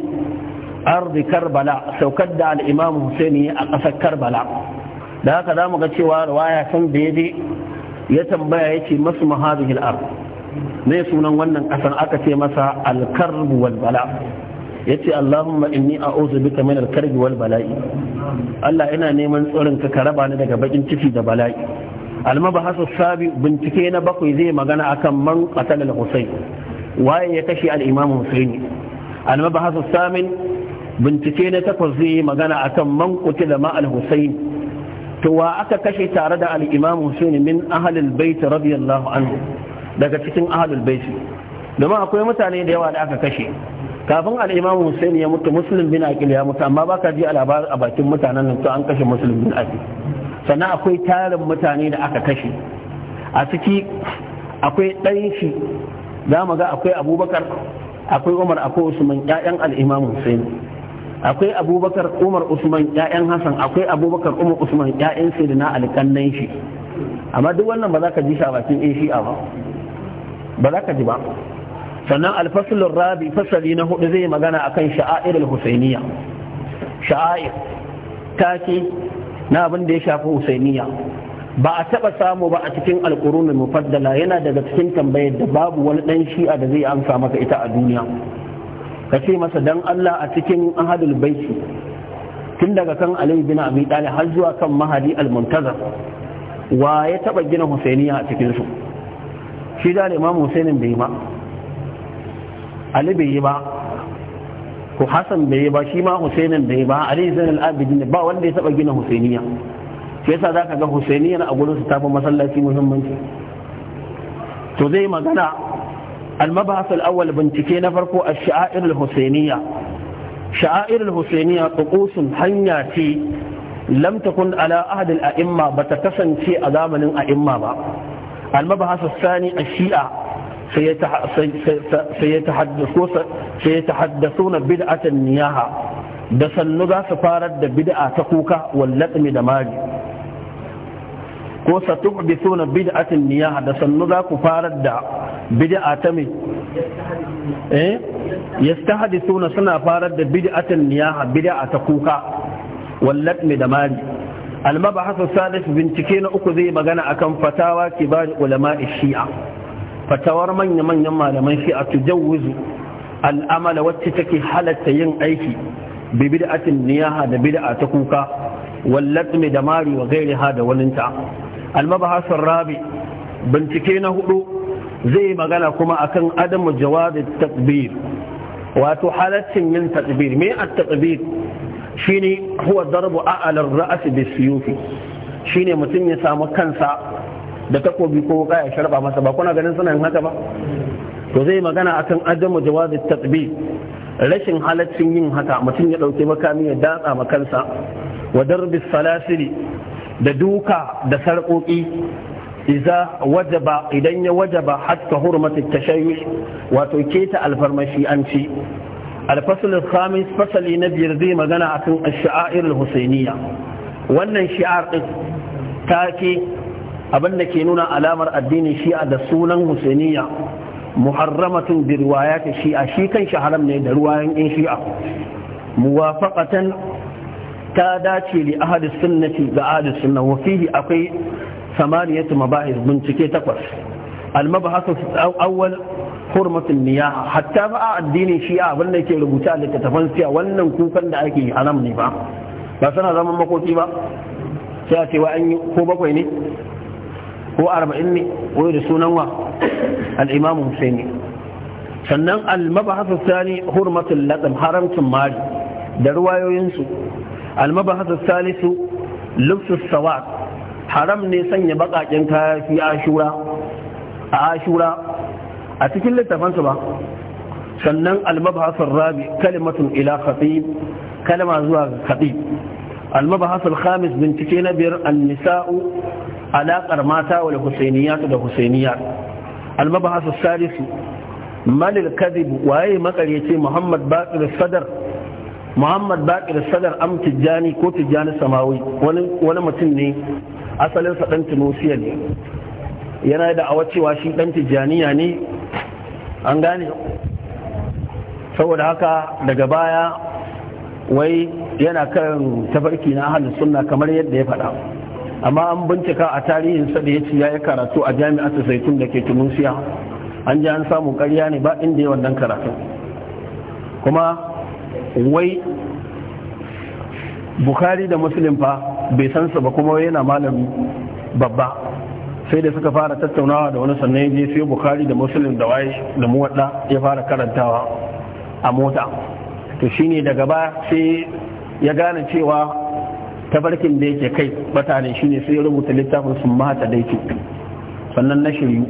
ardi karbala saukar da al-imam husaini a ƙasar karbala da haka za mu ga cewa riwaya san da ya ya tambaya ya ce masu mahazihil ard ne sunan wannan ƙasar aka ce masa alkarbu wal bala ya ce allahumma inni a'udhu bika min alkarbi wal bala'i Allah ina neman tsoron ka ka raba ni daga bakin ciki da bala'i almabahasu sabi bincike na bakwai zai magana akan man qatal al waye ya kashe al imam ba almabahasu samin bincike na takwas zai magana akan man qutila ma al husayn to wa aka kashe tare da al-imam Hussein min ahlul bait radiyallahu anhu daga cikin ahlul bait domin akwai mutane da yawa da aka kashe kafin al-imam Hussein ya mutu muslim bin aqil ya mutu amma baka ji labarin a bakin mutanen nan to an kashe muslim bin aqil sannan akwai tarin mutane da aka kashe a ciki akwai ɗan shi za mu ga akwai abubakar akwai umar akwai usman 'ya'yan al-imam Hussein akwai abubakar umar usman ya'yan hassan akwai abubakar umar usman ya'yan sayyidina ali kannan shi amma duk wannan ba za ka ji shi a bakin shi'a ba ba za ka ji ba sannan alfasulun rabi fasali na hudu zai magana akan sha'air al-husainiya sha'air take na abin da ya shafi husainiya ba a taba samu ba a cikin alkurun mufaddala yana daga cikin tambayar da babu wani dan shi'a da zai amsa maka ita a duniya ka ce masa dan Allah a cikin ahadul baiti tun daga kan Ali bin Abi Talib har zuwa kan Mahadi al-Muntazir wa ya taba gina Husainiya a cikin su shi da Imam Husainin bai ba Ali bai yi ba ko Hassan bai yi ba shi ma Husainin bai ba Ali zain al-Abidin ba wanda ya taba gina Husainiya shi yasa zaka ga Husainiya a gurin su tafi masallaci muhimmanci to zai magana المبحث الأول بنتكي نفرق الشعائر الحسينية شعائر الحسينية طقوس حنياتي لم تكن على أحد الأئمة بتكسن في أدامن الأئمة با. المبحث الثاني الشيعة سيتحدثون بدعة النياحة da sannu za su farar da bid'a ta kuka wallakmi da mari ko satuqbisuna bid'atin niyaha da sannu za ku farar da bid'a ta me eh yastahdithuna suna suna farar da bid'atin niyaha bid'a ta kuka wallat me da mari almabahasu sadis bincike na uku zai magana akan fatawa kibar ulama shi'a fatawar manya manyan malaman shi'a tu tujawwizu al'amala wacce take halatta yin aiki bi bid'atin niyaha da bid'a ta kuka wallat mi da mari wa gairiha da waninta المبحث الرابع بنتكينا هدو زي ما قال كما أكن عدم جواز التكبير وتحالة من تكبير ما التكبير شيني هو ضرب أعلى الرأس بالسيوف shine mutum ya samu kansa da takobi ko ka ya sharba masa ba kuna ganin suna yin haka ba to zai magana akan adamu jawazin tatbi rashin halaccin yin haka mutum ya dauke makami ya datsa ma kansa wa darbis salasili da duka da sarƙoƙi iza wajaba idan ya wajaba hatta hurmatu tashayyush wato keta alfarmashi an ci الفصل الخامس فصل magana رضي مغنى عن الشعائر الحسينية wannan shi'ar ta ke abinda ke nuna alamar addinin shi'a da sunan husainiya muharramatun bi ta shi'a shi kan shi haram ne da ruwayan in shi'a muwafaqatan ta dace li ahadis sunnati ga ahadis sunna wa fihi akwai samaniyatu mabahis bincike takwas al-mabahasu awwal hurmatin niyaha hatta ba a addinin shi'a abin da yake rubuta a littattafan siya wannan kukan da ake haram ne ba ba suna zaman makoki ba sai a ce wa an yi ko bakwai ne ko arba'in ne ko da sunan wa al sai ne? sannan al-mabahasu sani hurmatin latsam haramcin mari da ruwayoyinsu المبحث الثالث لبس السواد حرام ne sanya bakakin kaya fi ashura a ashura a cikin littafin su ba sannan al-mabhath ar-rabi kalimatun ila khatib kalma zuwa khatib al-mabhath al-khamis bincike na biyar an-nisa'u alaqar mata wal husainiyat da husainiyat al-mabhath as-salis man al-kadhib waye makaryace muhammad baqir sadar muhammad bakir sadar am tijjani ko tijjani samawi wani mutum ne asalinsa dan tunusiya ne yana da awa cewa shi dan tijjaniya ne an gane saboda haka daga baya wai yana kan tafarki na ahalin sunna kamar yadda ya faɗa amma an bincika a tarihinsa da ya ci ya yi karatu a jami'ar zaitun da ke tunusiya an ji an samu karya ne ba inda ya wannan karatu kuma wai bukari da muslim fa bai san su ba kuma yana malami babba sai da suka fara tattaunawa da wani sannan je sai bukari da muslim da waye da muwadda ya fara karantawa a mota to shine daga ba sai ya gane cewa tabarkin da yake kai batane shine sai ya rubuta littafin sun mata da yake sannan na shiryu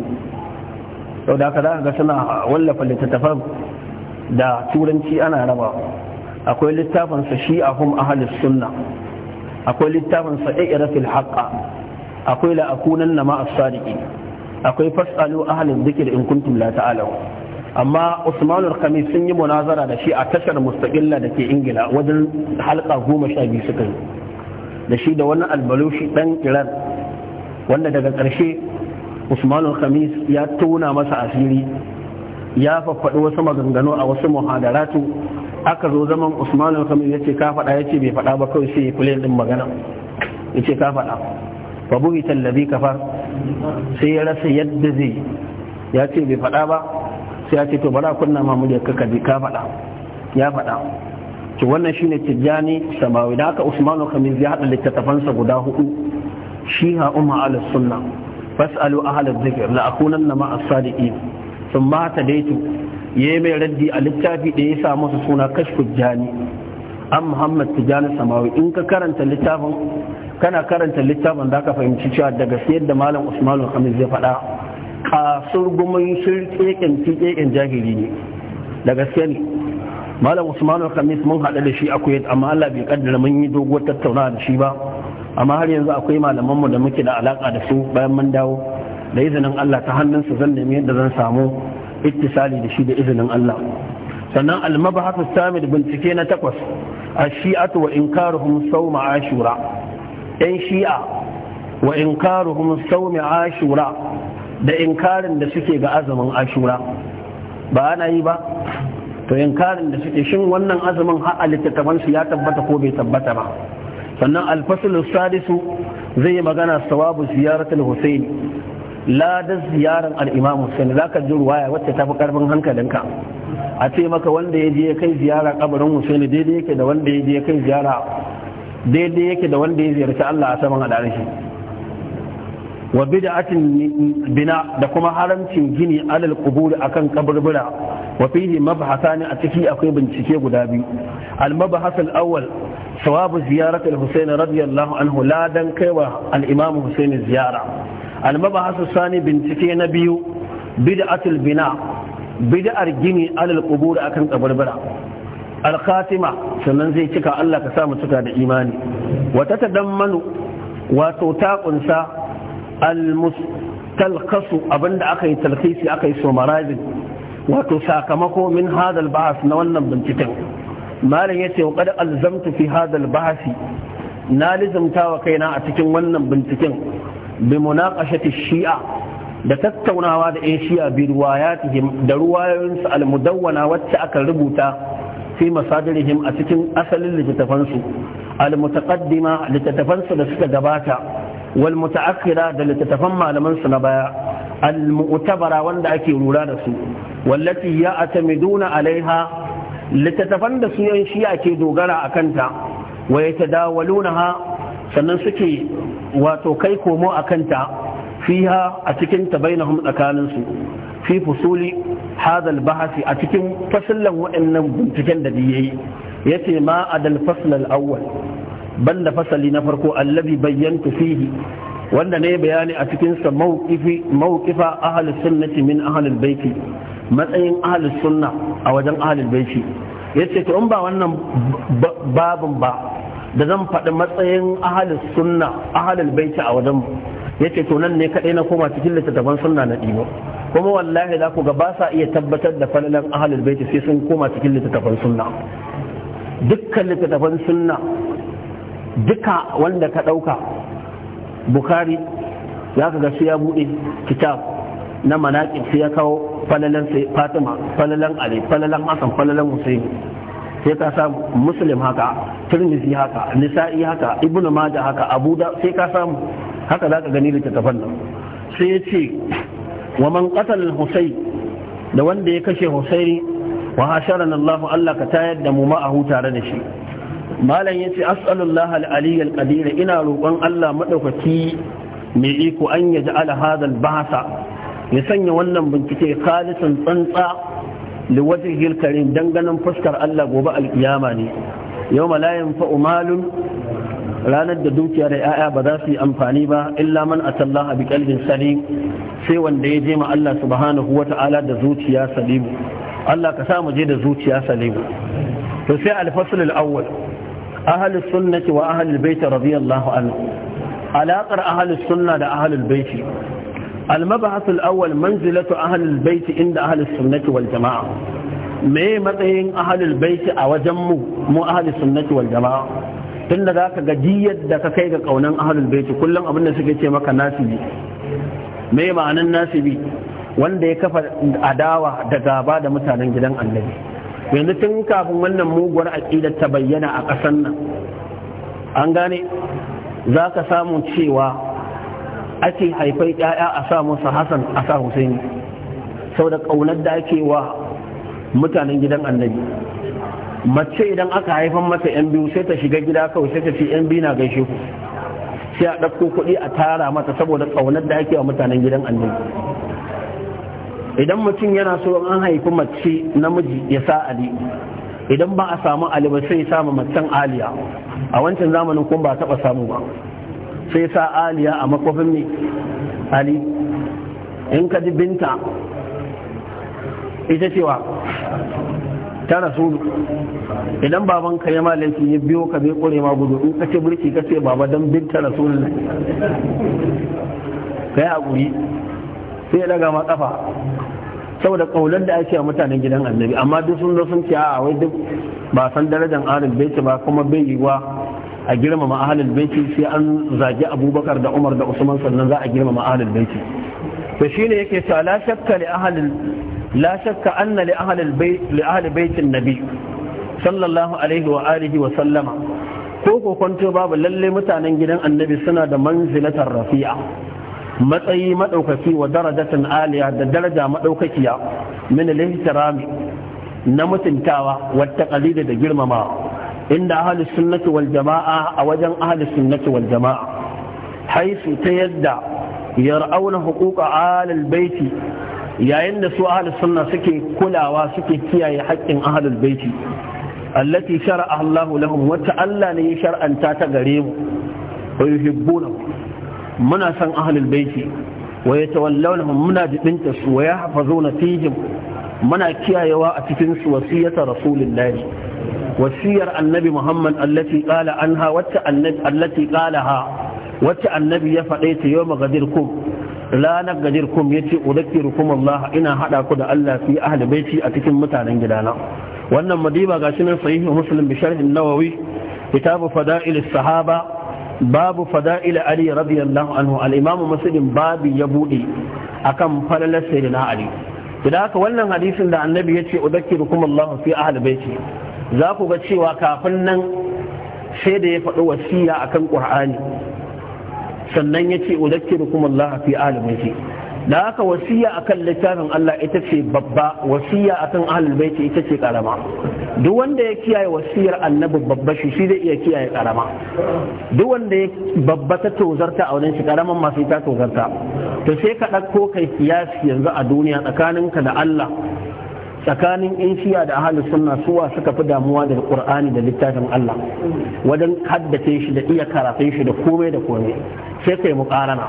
sau da aka za ga suna wallafa littattafan da turanci ana raba akwai littafin sa hum ahlus sunna akwai littafin sa i'rasil haqqa akwai la'akunan na ma as akwai fasalu ahalin dhikr in kuntum la ta'lamun amma usmanul Kamis sun yi munazara da shi a tashar mustaqilla da ke ingila wajen halka goma sha biyu suka yi da shi da wani albalushi dan iran wanda daga ƙarshe usmanul Kamis ya tona masa asiri ya faffaɗi wasu maganganu a wasu muhadaratu aka zo zaman usman al-kamil yace ka faɗa yace bai faɗa ba kawai sai kulen din magana yace ka faɗa fa buhi tallabi kafar sai ya rasa yadda zai ya ce bai faɗa ba sai ya ce to bara kunna ma muryar ka kaji ka faɗa ya faɗa to wannan shine tijjani samawi da aka usman al-kamil ya hada littattafansa guda hudu shiha umma ala sunna fasalu ahla dhikr la akunanna ma as-sadiqin thumma tadaitu ya mai raddi a littafi da ya sa masa suna kashku jani an muhammad tijani samawi in ka karanta littafin kana karanta littafin za ka fahimci cewa daga siyar da malam usman al zai faɗa kasur sun shirkekin tikekin jahili ne da gaske ne malam usman al mun haɗu da shi akwai amma Allah bai kaddara mun yi doguwar tattaunawa da shi ba amma har yanzu akwai malaman mu da muke da alaka da su bayan mun dawo da izinin Allah ta hannunsa zan nemi yadda zan samu ittisali da shi da izinin Allah sannan al-mabhath samid bincike na takwas ash-shi'atu wa inkaruhum sawm ashura yan shi'a wa inkaruhum sawm ashura da inkarin da suke ga azumin ashura ba ana yi ba to inkarin da suke shin wannan azumin har a littattafansu ya tabbata ko bai tabbata ba sannan alfasul sadisu zai yi magana sawabu ziyaratul husaini ladar ziyarar al'imamu sani za ka ji ruwaya wacce ta fi karfin hankalinka a ce maka wanda ya je ya kai ziyara kabarin husaini daidai yake da wanda ya je ya kai ziyara daidai yake da wanda ya ziyarci allah a saman al'arshi wa bid'atin bina da kuma haramcin gini alal qubur akan kaburbura wa fihi mabhathani a ciki akwai bincike guda biyu al mabhath al awwal sawab ziyarat al husayn radiyallahu anhu la dan kaiwa al imam husayn ziyara almabahasu sani bincike na biyu bid'atul bina bid'ar gini alal qubur akan kabarbara alkhatima sannan zai cika Allah ka samu cika da imani wata tadammanu wato ta kunsa almustalqasu abinda aka yi talkhisi aka yi summarizing wato sakamako min hadal bahas na wannan binciken malam yace wa qad alzamtu fi hadal bahasi na lizamta wa kaina a cikin wannan binciken bi munaqashati shi'a da tattaunawa da yan shi'a bi ruwayatihim da ruwayoyinsu almudawwana wacce aka rubuta fi masadirihim a cikin asalin littattafansu almutaqaddima littattafansu da suka gabata wal mutaakhira da littattafan malamansu su na baya almu'tabara wanda ake rura da su wallati ya atamiduna alaiha littattafan da su yan shi'a ke dogara a kanta wa yatadawaluna sannan suke wato kai komo a kanta fiha a cikin ta bainahum tsakaninsu fi fusuli hadal bahasi a cikin fasallan waɗannan binciken da Ya yace ma adal fasl al ban banda fasali na farko allabi bayyantu fihi wanda ne bayani a cikin sa mawqifi mawqifa ahli sunnati min ahli baiti matsayin ahli sunna a wajen ahli baiti yace to in ba wannan babun ba da zan faɗi matsayin ahalin sunna ahalin baiti a wajen ya ce nan ne kaɗai na koma cikin littattafan suna na ɗiba kuma wallahi za ku ga ba sa iya tabbatar da falalan ahalin baiti sai sun koma cikin littattafan sunna dukkan littattafan sunna duka wanda ka ɗauka bukari ya ka ga su ya buɗe kitab na manaƙi sai ya kawo falalan fatima falalan ali falalan hasan falalan husaini sai ka samu muslim haka tirmidhi haka nisa'i haka ibnu majah haka abu da sai ka samu haka zaka gani littattafan nan sai ya ce wa man al husayn da wanda ya kashe husaini wa hasharana Allah Allah ka tayar da mu hu tare da shi malam yace as'alullah al-ali al-qadir ina roƙon Allah madaukaki mai iko an ya ja'ala hadha al-bahsa ya sanya wannan bincike khalisan tsantsa liwajin hilkarin danganin fuskar Allah gobe alkiyama ne yau malayin fa'umalun ranar da dukiya da ‘ya'ya ba za su yi amfani ba illa man a tallaha bi kalbin salim sai wanda ya je ma Allah subhanahu wa ta'ala da zuciya salimu Allah ka samu je da zuciya salimu to sai alfasul al'awwal ahalus sunnati wa ahalul baiti radiyallahu anhu alaƙar ahalus sunna da ahalul baiti المبحث الأول منزلة أهل البيت عند أهل السنة والجماعة me matsayin ahalul baiti a wajen mu mu ahalus sunnati wal jama'a tunda za ka gaji yadda ka kai ga kaunan ahalul baiti kullum abin da suke ce maka nasibi me ma'anan nasibi wanda ya kafa adawa da gaba da mutanen gidan annabi yanzu tun kafin wannan muguwar aqidar ta bayyana a ƙasar nan an gane za ka samu cewa ake haifai ƴaƴa a sa musu Hassan a sa Husaini saboda ƙaunar da ake wa mutanen gidan annabi mace idan aka haifan mata yan biyu sai ta shiga gida kawai sai ta ce yan biyu na gaishe ku sai a ɗauko kuɗi a tara mata saboda ƙaunar da ake wa mutanen gidan annabi idan mutum yana so an haifi mace namiji ya sa ali idan ba a samu ali ba sai ya samu macen aliya a wancan zamanin kuma ba taɓa samu ba sai sa aliya a makwafin ne ali in ka ji binta ita cewa ta rasu idan baban ka ya malanci ya biyo ka bai kure ma gudu in kace burki kace baba dan binta ka kai haƙuri sai ya daga ma kafa saboda ƙaunar da ake a mutanen gidan annabi amma duk sun zo sun ce a wai duk ba san darajar arin bai ba kuma bai yiwa a girmama ahalul baiti sai an zagi abubakar da umar da usman sannan za a girmama ahalul baiti to shine yake cewa la shakka li ahalul la shakka anna li ahalul bait li ahalul baitin nabi sallallahu alaihi wa alihi wa sallama ko ko kwanto babu lalle mutanen gidan annabi suna da manzilatar rafi'a matsayi madaukaki wa darajatan aliya da daraja madaukakiya min al-ihtirami na mutuntawa wa taqalidi da girmamawa inda ahli sunnati wal jama'a a wajen ahli sunnati wal jama'a haisu ta yadda ra'auna hukuka alal baiti yayin da su ahli sunna suke kulawa suke kiyaye haƙƙin ahli baiti allati shar'a Allahu lahum wata Allah ne ya shar'anta ta gare mu wa yuhibbuna muna san ahli baiti wa yatawallawnahum muna jibinta su wa yahfazuna fihim muna kiyayewa a cikin su wasiyata rasulillahi wasiyar annabi muhammad allati qala anha wacce annabi allati wacce annabi ya faɗe ta yau magadirkum ranar gadirkum ya ce udakkirukum allah ina haɗa ku da allah fi ahli baiti a cikin mutanen gidana wannan madiba ga nan sahihu muslim bi sharh an-nawawi kitabu fada'il sahaba babu fada'il ali radiyallahu anhu al-imam muslim babi ya bude akan falalar sayyidina ali idan haka wannan hadisin da annabi ya ce udakkirukum allah fi ahli baiti za ku ga cewa kafin nan sai da ya faɗi wasiya kan ƙur'ani sannan ya ce udakkirukum Allah fi alimati da haka wasiya kan littafin Allah ita ce babba wasiya a kan baiti ita ce karama duk wanda ya kiyaye wasiyar annabi babba shi shi zai iya kiyaye karama duk wanda ya babba ta tozarta a wurin shi karaman masu ta tozarta to sai ka ɗauko kai kiyasi yanzu a duniya tsakaninka da Allah tsakanin yan shiya da ahalus sunna suwa suka fi damuwa da qur'ani da littafin Allah wajen haddace shi da iya karatun shi da komai da komai sai kai muqarana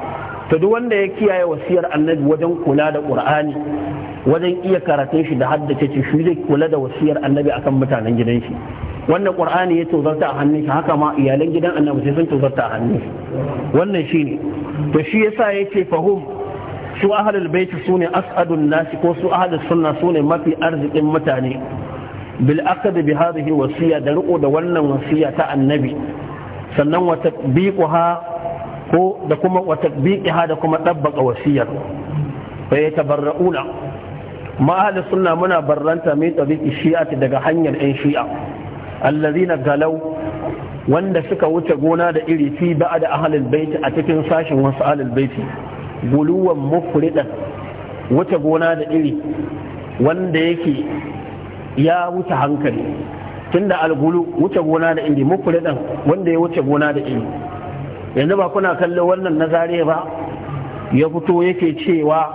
to duk wanda ya kiyaye wasiyar annabi wajen kula da qur'ani wajen iya karatun shi da haddace shi shi zai kula da wasiyar annabi akan mutanen gidan shi wannan qur'ani ya tozarta a hannun shi haka ma iyalan gidan annabi sai sun tozarta a hannun shi wannan shine to shi yasa yace fahum su ahlul bait sune as'adun nasi ko su ahlus sunna sune mafi arzikin mutane bil aqd bi hadhihi wasiya da riko da wannan wasiya ta annabi sannan wa tatbiquha ko da kuma wa tatbiqiha da kuma ɗabbaka wasiyar fa yatabarrauna ma ahlus sunna muna barranta mai tabiqi shi'ati daga hanyar ɗan shi'a allazina galau wanda suka wuce gona da iri fi ba'a da ahlul a cikin sashin wasu ahlul baiti guluwan mufridan wuce gona da iri wanda yake ya wuce hankali tunda algulu wuce gona da iri mufridan wanda ya wuce gona da iri yanzu ba kuna kallon wannan na zare ba ya fito yake cewa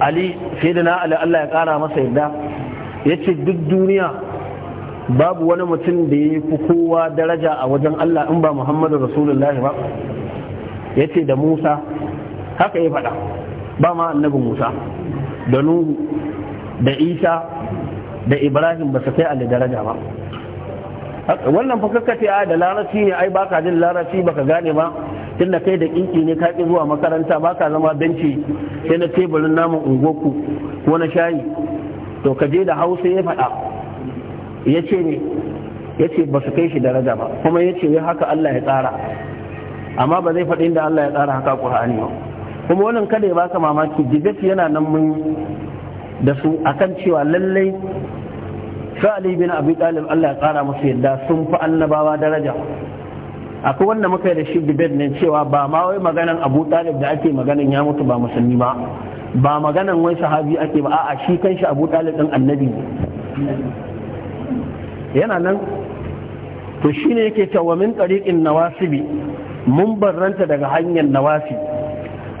ali sai da na ali Allah ya kara masa yadda ya ce duk duniya babu wani mutum da ya fi kowa daraja a wajen Allah in ba Muhammadu Rasulullahi ba ya da musa haka ya faɗa ba ma annabi musa da nuhu da isa da ibrahim ba su kai a daraja ba wannan fa kakkace a da larabci ne ai baka jin larabci baka gane ba tunda kai da kinki ne ka ki zuwa makaranta baka zama benci sai na teburin namun ungoku ko na shayi to ka je da hausa ya faɗa ya ne ya ba su kai shi daraja ba kuma ya ce haka Allah ya tsara amma ba zai faɗi inda Allah ya tsara haka Qur'ani ba kuma wannan kada ya baka mamaki debate yana nan mun da su akan cewa lallai Sa'ali bin Abi Talib Allah ya tsara musu yadda sun fi annabawa daraja akwai wanda muka yi da shi debate ne cewa ba ma wai maganan Abu Talib da ake maganan ya mutu ba musulmi ba ba maganan wai sahabi ake ba a'a shi kanshi Abu Talib din annabi yana nan to shine yake cewa min tariqin nawasibi mun barranta daga hanyar nawafi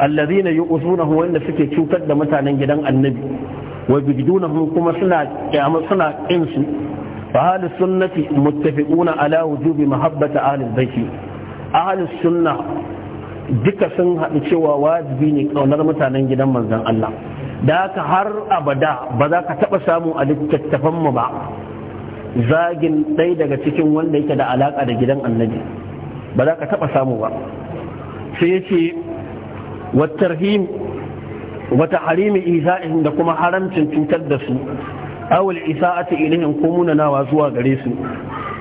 allazina yu'thunahu wanda suke cutar da mutanen gidan annabi wa bidunahum kuma suna kiyama suna kin su fa hal sunnati muttafiquna ala wujubi mahabbati ahli baiti ahli sunna duka sun haɗu cewa wajibi ne kaunar mutanen gidan manzon Allah da ka har abada ba za ka taɓa samu a littattafan mu ba zagin ɗaya daga cikin wanda yake da alaka da gidan annabi ba za ka taɓa samu ba sai ya ce wattarhim wata harimi isa'in da kuma haramcin cutar da su awul isa'ati ilahin ko munanawa zuwa gare su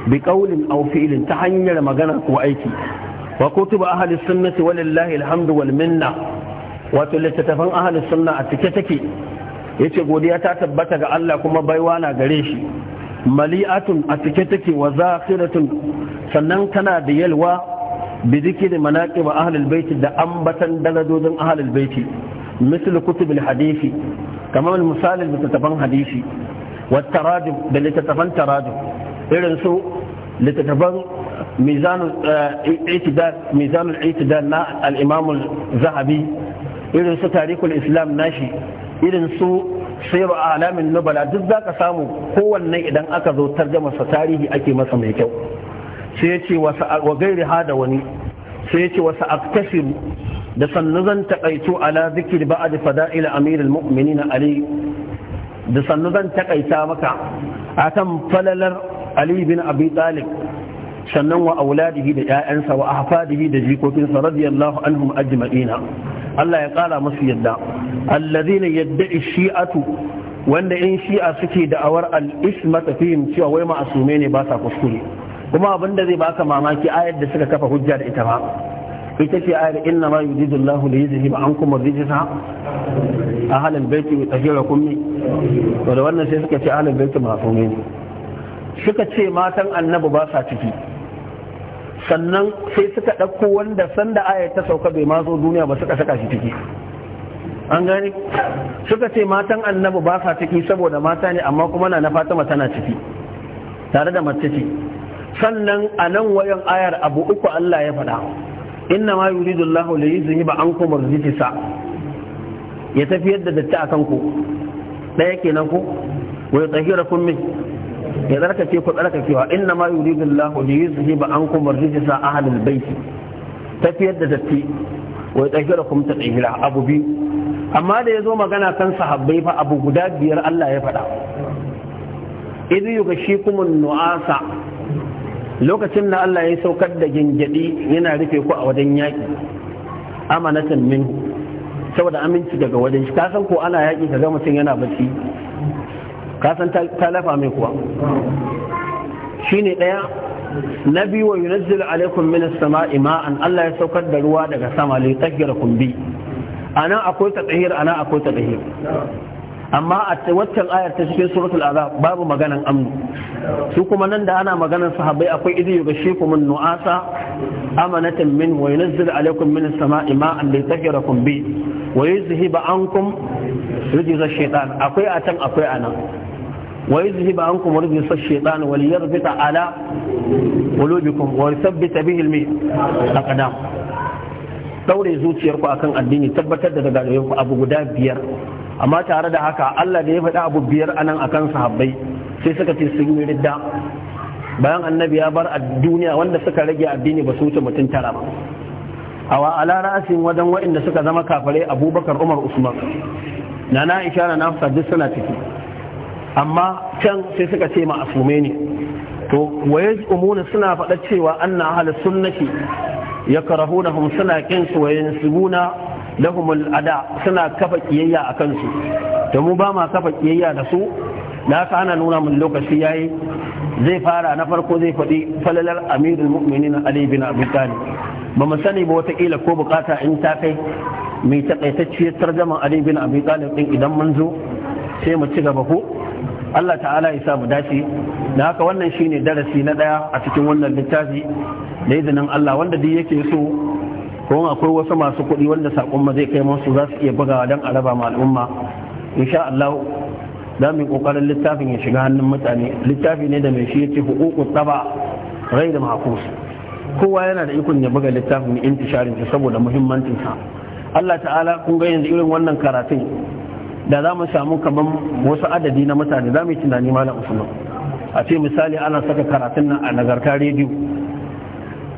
bi qaulin aw fi'lin ta hanyar magana ko aiki wa kutuba ahli sunnati walillahi alhamdu wal minna wato littattafan ahli sunna a cike take yace godiya ta tabbata ga Allah kuma baiwa na gare shi mali'atun a cike take wa zafiratun sannan tana da yalwa bi zikiri manaqib ahlul baiti da ambatan daladodin ahlul baiti misal kutubul hadisi kamar misalin littattafan hadisi wa da littattafan tarajum irin su littattafan mizanul eh, itidal na al zahabi irin su tarikul islam nashi irin su sayru alamin nubala duk zaka samu kowanne idan aka zo tarjama sa tarihi ake masa mai kyau sai ya ce wa gairi hada wani sai ya ce wasu aktasiru da sannu zan ala zikir ba'ad fada'il amirul ali da sannu zan takaita maka akan falalar ali bin abi talib sannan wa auladihi da 'ya'yansa wa ahfadihi da jikokinsa radiyallahu anhum ajma'ina Allah ya kara musu yadda allazina yadda shi'atu wanda in shi'a suke da'awar al-ismata fihim cewa wai ma ma'asume ne ba sa kuskure kuma abin da zai baka mamaki ayar da suka kafa hujja da ita ba ita ce ayar inna ma yuridu Allahu li yuzhiba ankum ar-rijsa ahal al-bayt wa tahirakum min to da wannan sai suka ce ahal al-bayt ma'asume ne suka ce matan annabi ba sa ciki sannan sai suka ɗauko wanda sanda ayar ta sauka bai ma zo duniya ba suka saka shi ciki an gani. suka ce matan annabi ba sa ciki saboda mata ne amma kuma na na fatima tana ciki tare da mace ce sannan a nan wayan ayar abu uku Allah ya faɗa inna ma yuridu Allah li ba ankum rijsa ya tafiyar da datti akan ku ɗaya kenan ku wa yutahhirakum min ya tsarkake ku tsarkakewa inna ma yuridu Allah li yuzhiba ankum ar-rijsa ahlul bait tafiyar da datti wai tsahira kuma ta abu biyu amma da ya zo magana kan sahabbai fa abu guda biyar Allah ya faɗa idu yuga shi kuma nu'asa lokacin da Allah ya saukar da gingadi yana rufe ku a wajen yaki, amanatan min saboda aminci daga wajen shi san ko ana yaki ka ga mutum yana bacci Kasan san ta lafa mai kuwa ne ɗaya na biyu wa yunazzilu alaikum min as-sama'i ma'an Allah ya saukar da ruwa daga sama li tahhirakum bi ana akwai tatahir ana akwai tatahir amma a waccan ayar ta cikin suratul azab babu maganan amnu su kuma nan da ana maganan sahabbai akwai idhi yughashikum an-nu'asa amanatan min wa yunzil alaykum min as-sama'i ma'an litahhirakum kumbi. wa yuzhiba ankum rijza ash-shaytan akwai a can akwai a nan ويذهب عنكم رجس الشيطان وليربط على قلوبكم ويثبت به الأقدام daure zuciyarku akan addini tabbatar da dagaloyinku abu guda biyar amma tare da haka Allah da ya faɗa abu biyar anan akan sahabbai sai suka ce su yi ridda bayan annabi ya bar a duniya wanda suka rage addini ba su wuce mutum tara ba a ala ra'asin wajen waɗanda suka zama kafare abubakar umar usman na na isha na nafsa duk suna ciki amma can sai suka ce ma asume ne to waye umuna suna faɗa cewa anna ahlus sunnati yakrahunahum suna kin su wayan sibuna lahum alada suna kafa kiyayya akan su to mu ba ma kafa kiyayya da su da haka ana nuna mun lokaci yayi zai fara na farko zai faɗi falalar amirul mu'minin ali bin abi talib ba mu sani ba watakila ko bukata in ta kai mai taƙaitacciyar tarjaman ali bin abi talib din idan mun zo sai mu ci gaba ko Allah ta'ala ya sa mu dace da haka wannan shine darasi na daya a cikin wannan littafi da izinin Allah wanda duk yake so ko akwai wasu masu kuɗi wanda sakon ma zai kai musu za su iya bugawa dan araba ma al'umma insha Allah za mu kokarin littafin ya shiga hannun mutane littafi ne da mai shi yace huququt taba ghayr ma'kus kowa yana da ikon ya buga littafin intisharin saboda muhimmancin sa Allah ta'ala kun ga yanzu irin wannan karatun da za mu samu kamar wasu adadi na mutane za mu yi tunani malam usman a ce misali ana saka karatun nan a nagarta rediyo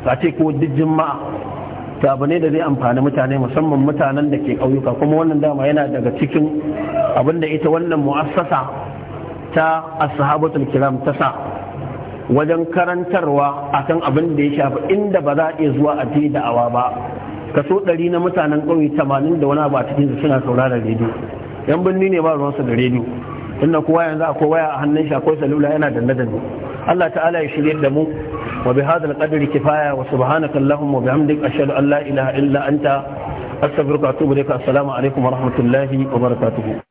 a ce ko duk jima'a ta abu ne da zai amfani mutane musamman mutanen da ke ƙauyuka kuma wannan dama yana daga cikin abin da ita wannan mu'assasa ta ashabatul kiram ta sa wajen karantarwa akan abin da ya shafi inda ba za a iya zuwa a da'awa ba kaso ɗari na mutanen ƙauye tamanin da wani abu a cikin suna saurara rediyo yan birni ne ba ruwansu da rediyo inda kowa yanzu akwai waya a hannun shi akwai salula yana danne danne Allah ta'ala ya shirye da mu wa bi hadal qadri kifaya wa subhanaka allahumma wa bihamdik ashhadu an la ilaha illa anta astaghfiruka wa atubu ilaik assalamu alaikum wa rahmatullahi wa barakatuh